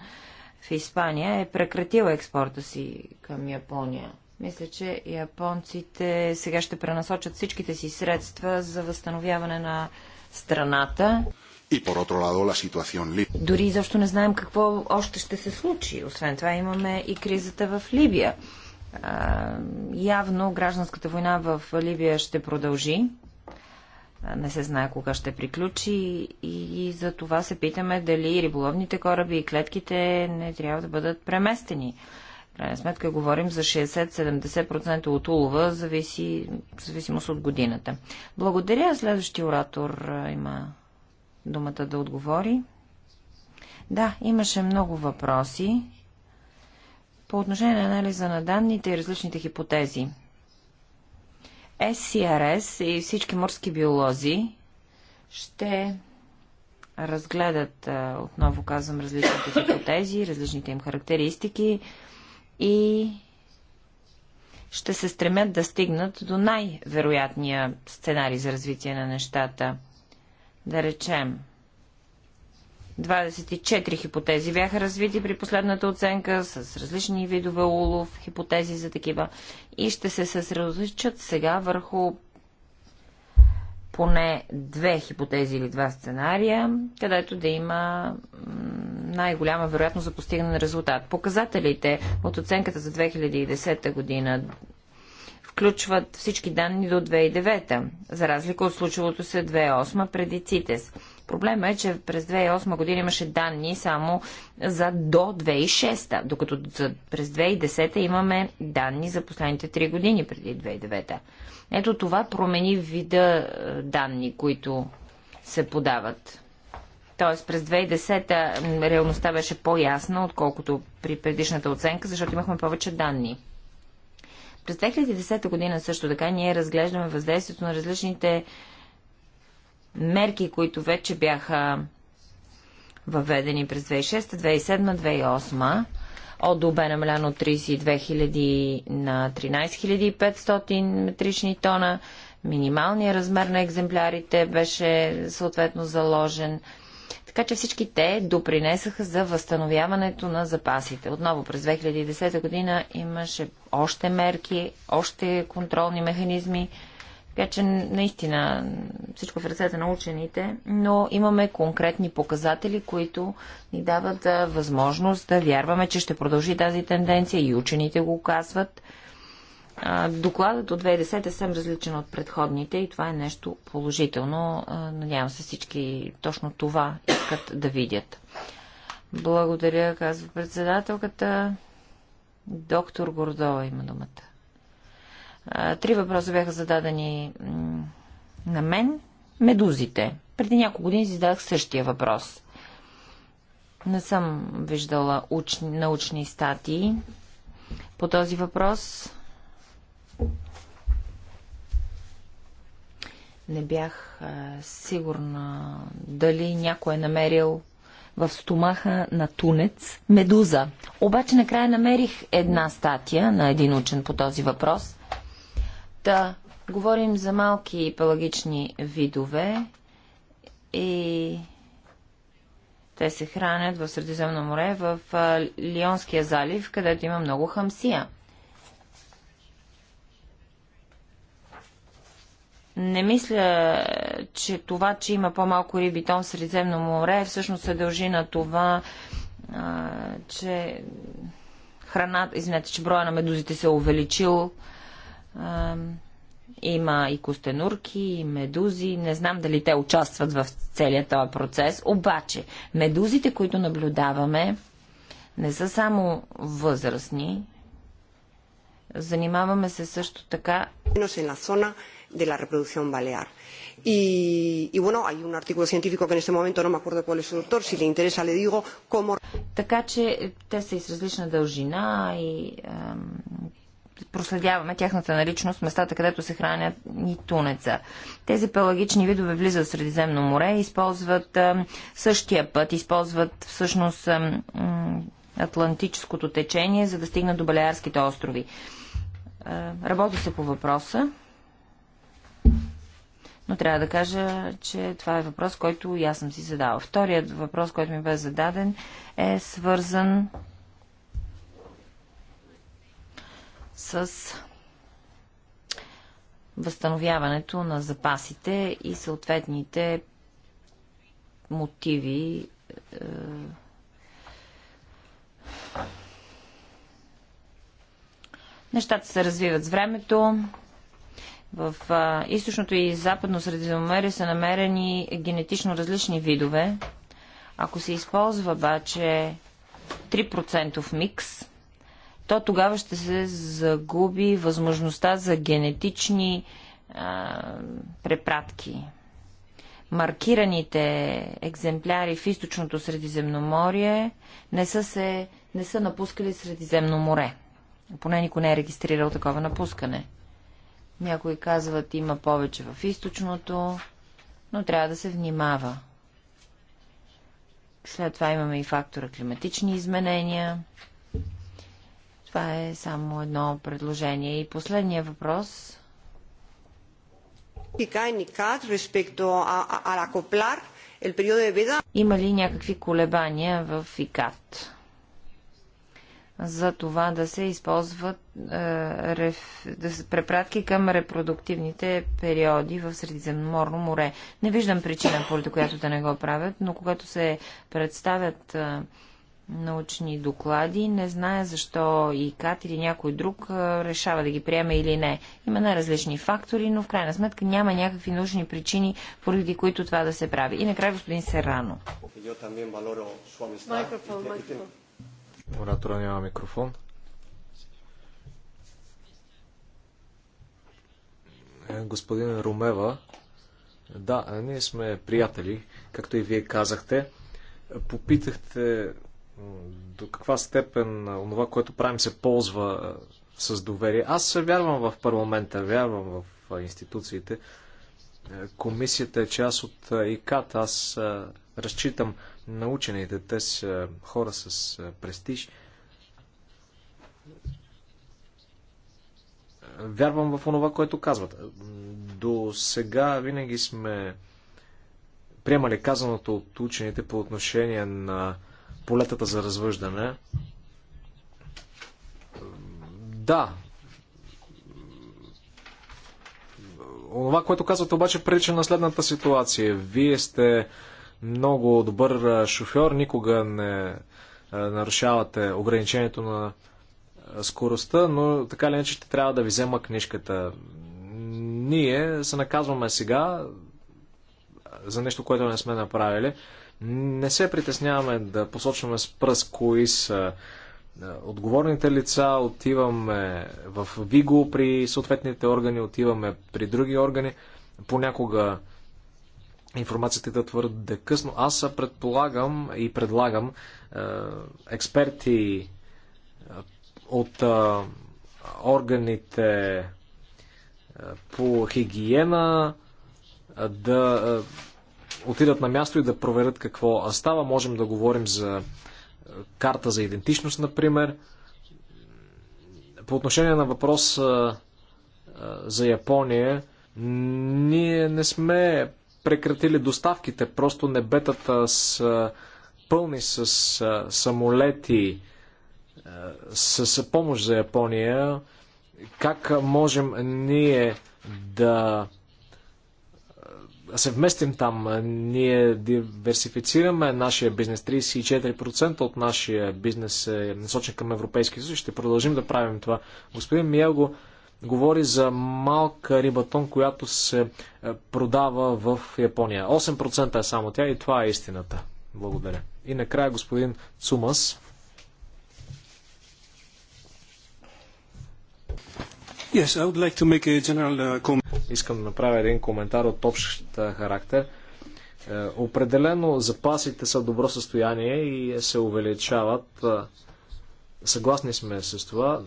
Speaker 1: в Испания, е прекратила експорта си към Япония. Мисля, че японците сега ще пренасочат всичките си средства за възстановяване на страната.
Speaker 2: И по otro lado, la situación Libia.
Speaker 1: Дори защо не знаем какво още ще се случи. Освен това имаме и кризата в Либия. А, явно гражданската война в Либия ще продължи. Не се знае кога ще приключи и за това се питаме дали риболовните кораби и клетките не трябва да бъдат преместени. В крайна сметка говорим за 60-70% от улова, зависи, зависимост от годината. Благодаря. Следващия оратор има думата да отговори. Да, имаше много въпроси по отношение на анализа на данните и различните хипотези. SCRS и всички морски биолози ще разгледат, отново казвам, различните хипотези, различните им характеристики и ще се стремят да стигнат до най-вероятния сценарий за развитие на нещата – да речем, 24 хипотези бяха развити при последната оценка с различни видове улов, хипотези за такива и ще се съсредоточат сега върху поне две хипотези или два сценария, където да има най-голяма вероятност за постигане на резултат. Показателите от оценката за 2010 година включват всички данни до 2009, за разлика от случилото се 2008 преди ЦИТЕС. Проблема е, че през 2008 година имаше данни само за до 2006, докато през 2010 имаме данни за последните 3 години преди 2009. Ето това промени вида е, данни, които се подават. Тоест през 2010 реалността беше по-ясна, отколкото при предишната оценка, защото имахме повече данни. През 2010 година също така ние разглеждаме въздействието на различните мерки, които вече бяха въведени през 2006, 2007, 2008. ОДО бе намалено от 32 000 е на 13 500 метрични тона. Минималният размер на екземплярите беше съответно заложен. Така че всички те допринесаха за възстановяването на запасите. Отново през 2010 година имаше още мерки, още контролни механизми, така че наистина всичко в ръцете на учените, но имаме конкретни показатели, които ни дават възможност да вярваме, че ще продължи тази тенденция и учените го казват – Докладът от 2010 е съвсем различен от предходните и това е нещо положително. Надявам се всички точно това искат да видят. Благодаря, казва председателката. Доктор Гордова има думата. Три въпроса бяха зададени на мен. Медузите. Преди няколко години си зададах същия въпрос. Не съм виждала уч... научни статии по този въпрос. Не бях а, сигурна дали някой е намерил в стомаха на тунец медуза. Обаче накрая намерих една статия на един учен по този въпрос. Та говорим за малки пелагични видове и те се хранят в Средиземно море, в Лионския залив, където има много хамсия. Не мисля, че това, че има по-малко рибитон в Средиземно море, всъщност се дължи на това, а, че храната, извинете, че броя на медузите се е увеличил. А, има и костенурки, и медузи. Не знам дали те участват в целият този процес. Обаче, медузите, които наблюдаваме, не са само възрастни. Занимаваме се също така de la reproducción balear. Y, y bueno, hay un artículo científico que en este momento no me acuerdo cuál es su doctor, si le interesa le digo cómo... Така че е, те са и с различна дължина и ам, проследяваме тяхната наличност в местата, където се хранят и тунеца. Тези пелагични видове влизат в Средиземно море, и използват ам, същия път, използват всъщност ам, Атлантическото течение, за да стигнат до Балеарските острови. Е, работи се по въпроса. Но трябва да кажа, че това е въпрос, който и аз съм си задала. Вторият въпрос, който ми бе зададен, е свързан с възстановяването на запасите и съответните мотиви. Е, нещата се развиват с времето. В а, източното и западно Средиземноморие са намерени генетично различни видове. Ако се използва обаче 3% микс, то тогава ще се загуби възможността за генетични а, препратки. Маркираните екземпляри в източното Средиземноморие не са, се, не са напускали Средиземно море. Поне никой не е регистрирал такова напускане. Някои казват, има повече в източното, но трябва да се внимава. След това имаме и фактора климатични изменения. Това е само едно предложение. И последния въпрос. Е има ли някакви колебания в ИКАТ? за това да се използват е, реф, да се препратки към репродуктивните периоди в Средиземноморно море. Не виждам причина, поради която да не го правят, но когато се представят е, научни доклади, не зная защо и КАТ или някой друг е, решава да ги приеме или не. Има най-различни фактори, но в крайна сметка няма някакви научни причини, поради които това да се прави. И накрая господин Серано.
Speaker 2: Микрофон, микрофон. Оратора няма микрофон. Е, господин Румева, да, ние сме приятели, както и вие казахте. Попитахте до каква степен това, което правим, се ползва е, с доверие. Аз се вярвам в парламента, вярвам в е, институциите. Комисията е част от ИКАТ. Аз разчитам научените. Те са хора с престиж. Вярвам в онова, което казват. До сега винаги сме приемали казаното от учените по отношение на полетата за развъждане. Да. Онова, което казват обаче прилича на следната ситуация. Вие сте много добър шофьор, никога не нарушавате ограничението на скоростта, но така или иначе ще трябва да ви взема книжката. Ние се наказваме сега за нещо, което не сме направили. Не се притесняваме да посочваме с пръст кои са отговорните лица, отиваме в Виго при съответните органи, отиваме при други органи. Понякога информацията да твърде късно. Аз предполагам и предлагам е, експерти е, от е, органите е, по хигиена е, да отидат на място и да проверят какво става. Можем да говорим за карта за идентичност, например. По отношение на въпрос за Япония, ние не сме прекратили доставките. Просто небетата са пълни с самолети, с помощ за Япония. Как можем ние да се вместим там. Ние диверсифицираме нашия бизнес. 34% от нашия бизнес е насочен към Европейския съюз. Ще продължим да правим това. Господин Миелго, говори за малка рибатон, която се е, продава в Япония. 8% е само тя и това е истината. Благодаря. И накрая господин Цумас. Yes, I would like to make a general uh, comment. Искам да направя един коментар от общата характер. Е, определено запасите са в добро състояние и се увеличават. Е, съгласни сме с това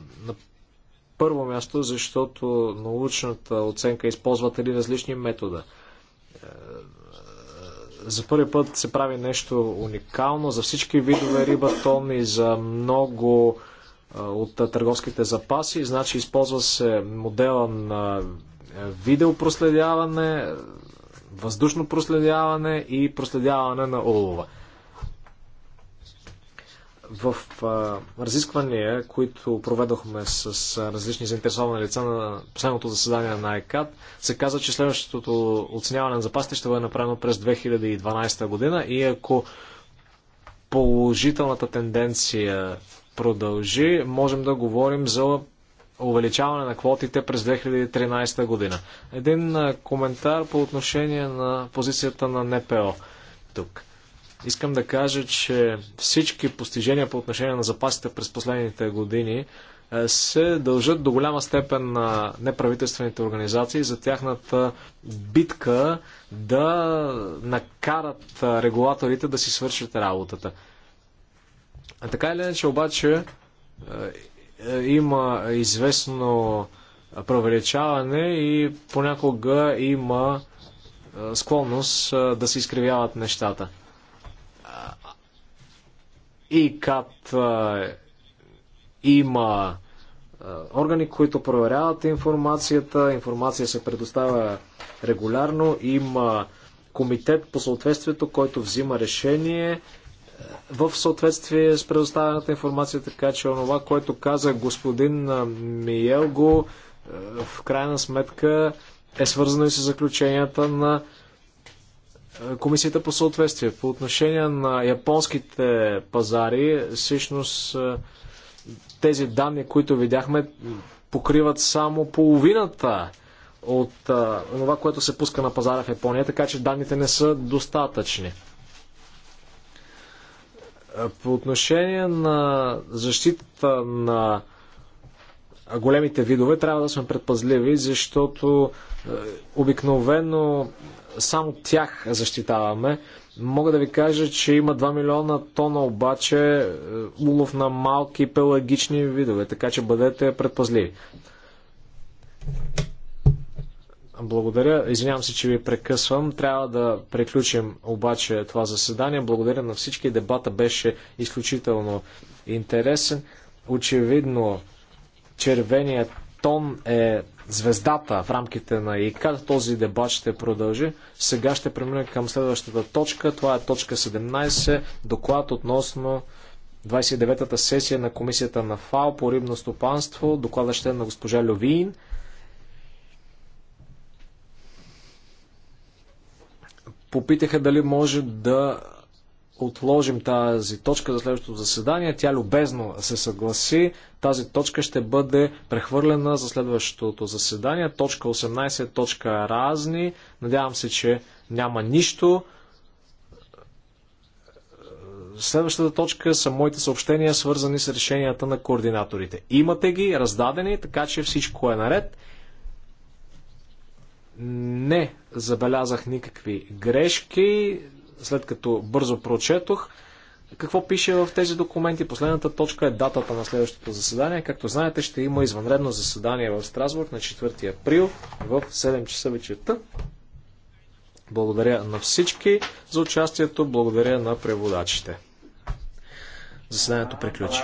Speaker 2: първо място, защото научната оценка използва ли различни метода. Е, за първи път се прави нещо уникално за всички видове риба, тонни, за много е, от е, търговските запаси. Значи използва се модела на видеопроследяване, въздушно проследяване и проследяване на улова в а, разисквания, които проведохме с а, различни заинтересовани лица на последното заседание на ЕКАД, се каза, че следващото оценяване на запасите ще бъде направено през 2012 година и ако положителната тенденция продължи, можем да говорим за увеличаване на квотите през 2013 година. Един коментар по отношение на позицията на НПО тук. Искам да кажа, че всички постижения по отношение на запасите през последните години е, се дължат до голяма степен на неправителствените организации за тяхната битка да накарат е, регулаторите да си свършат работата. А така или иначе обаче е, има известно провеличаване и понякога има склонност да се изкривяват нещата. ИКАТ има органи, които проверяват информацията. Информация се предоставя регулярно. Има комитет по съответствието, който взима решение в съответствие с предоставената информация, така че онова, което каза господин Миелго, в крайна сметка е свързано и с заключенията на Комисията по съответствие. По отношение на японските пазари, всъщност е, тези данни, които видяхме, покриват само половината от това, е, което се пуска на пазара в Япония, така че данните не са достатъчни. Е, по отношение на защитата на големите видове, трябва да сме предпазливи, защото обикновено само тях защитаваме. Мога да ви кажа, че има 2 милиона тона обаче е, улов на малки пелагични видове, така че бъдете предпазливи. Благодаря. Извинявам се, че ви прекъсвам. Трябва да приключим обаче това заседание. Благодаря на всички. Дебата беше изключително интересен. Очевидно, червеният тон е звездата в рамките на ИКА. Този дебат ще продължи. Сега ще преминем към следващата точка. Това е точка 17. Доклад относно 29-та сесия на комисията на ФАО по рибно стопанство. Доклада ще е на госпожа Лювин. Попитаха дали може да отложим тази точка за следващото заседание. Тя любезно се съгласи. Тази точка ще бъде прехвърлена за следващото заседание. Точка 18, точка разни. Надявам се, че няма нищо. Следващата точка са моите съобщения, свързани с решенията на координаторите. Имате ги раздадени, така че всичко е наред. Не забелязах никакви грешки след като бързо прочетох какво пише в тези документи. Последната точка е датата на следващото заседание. Както знаете, ще има извънредно заседание в Страсбург на 4 април в 7 часа вечерта. Благодаря на всички за участието, благодаря на преводачите. Заседанието приключи.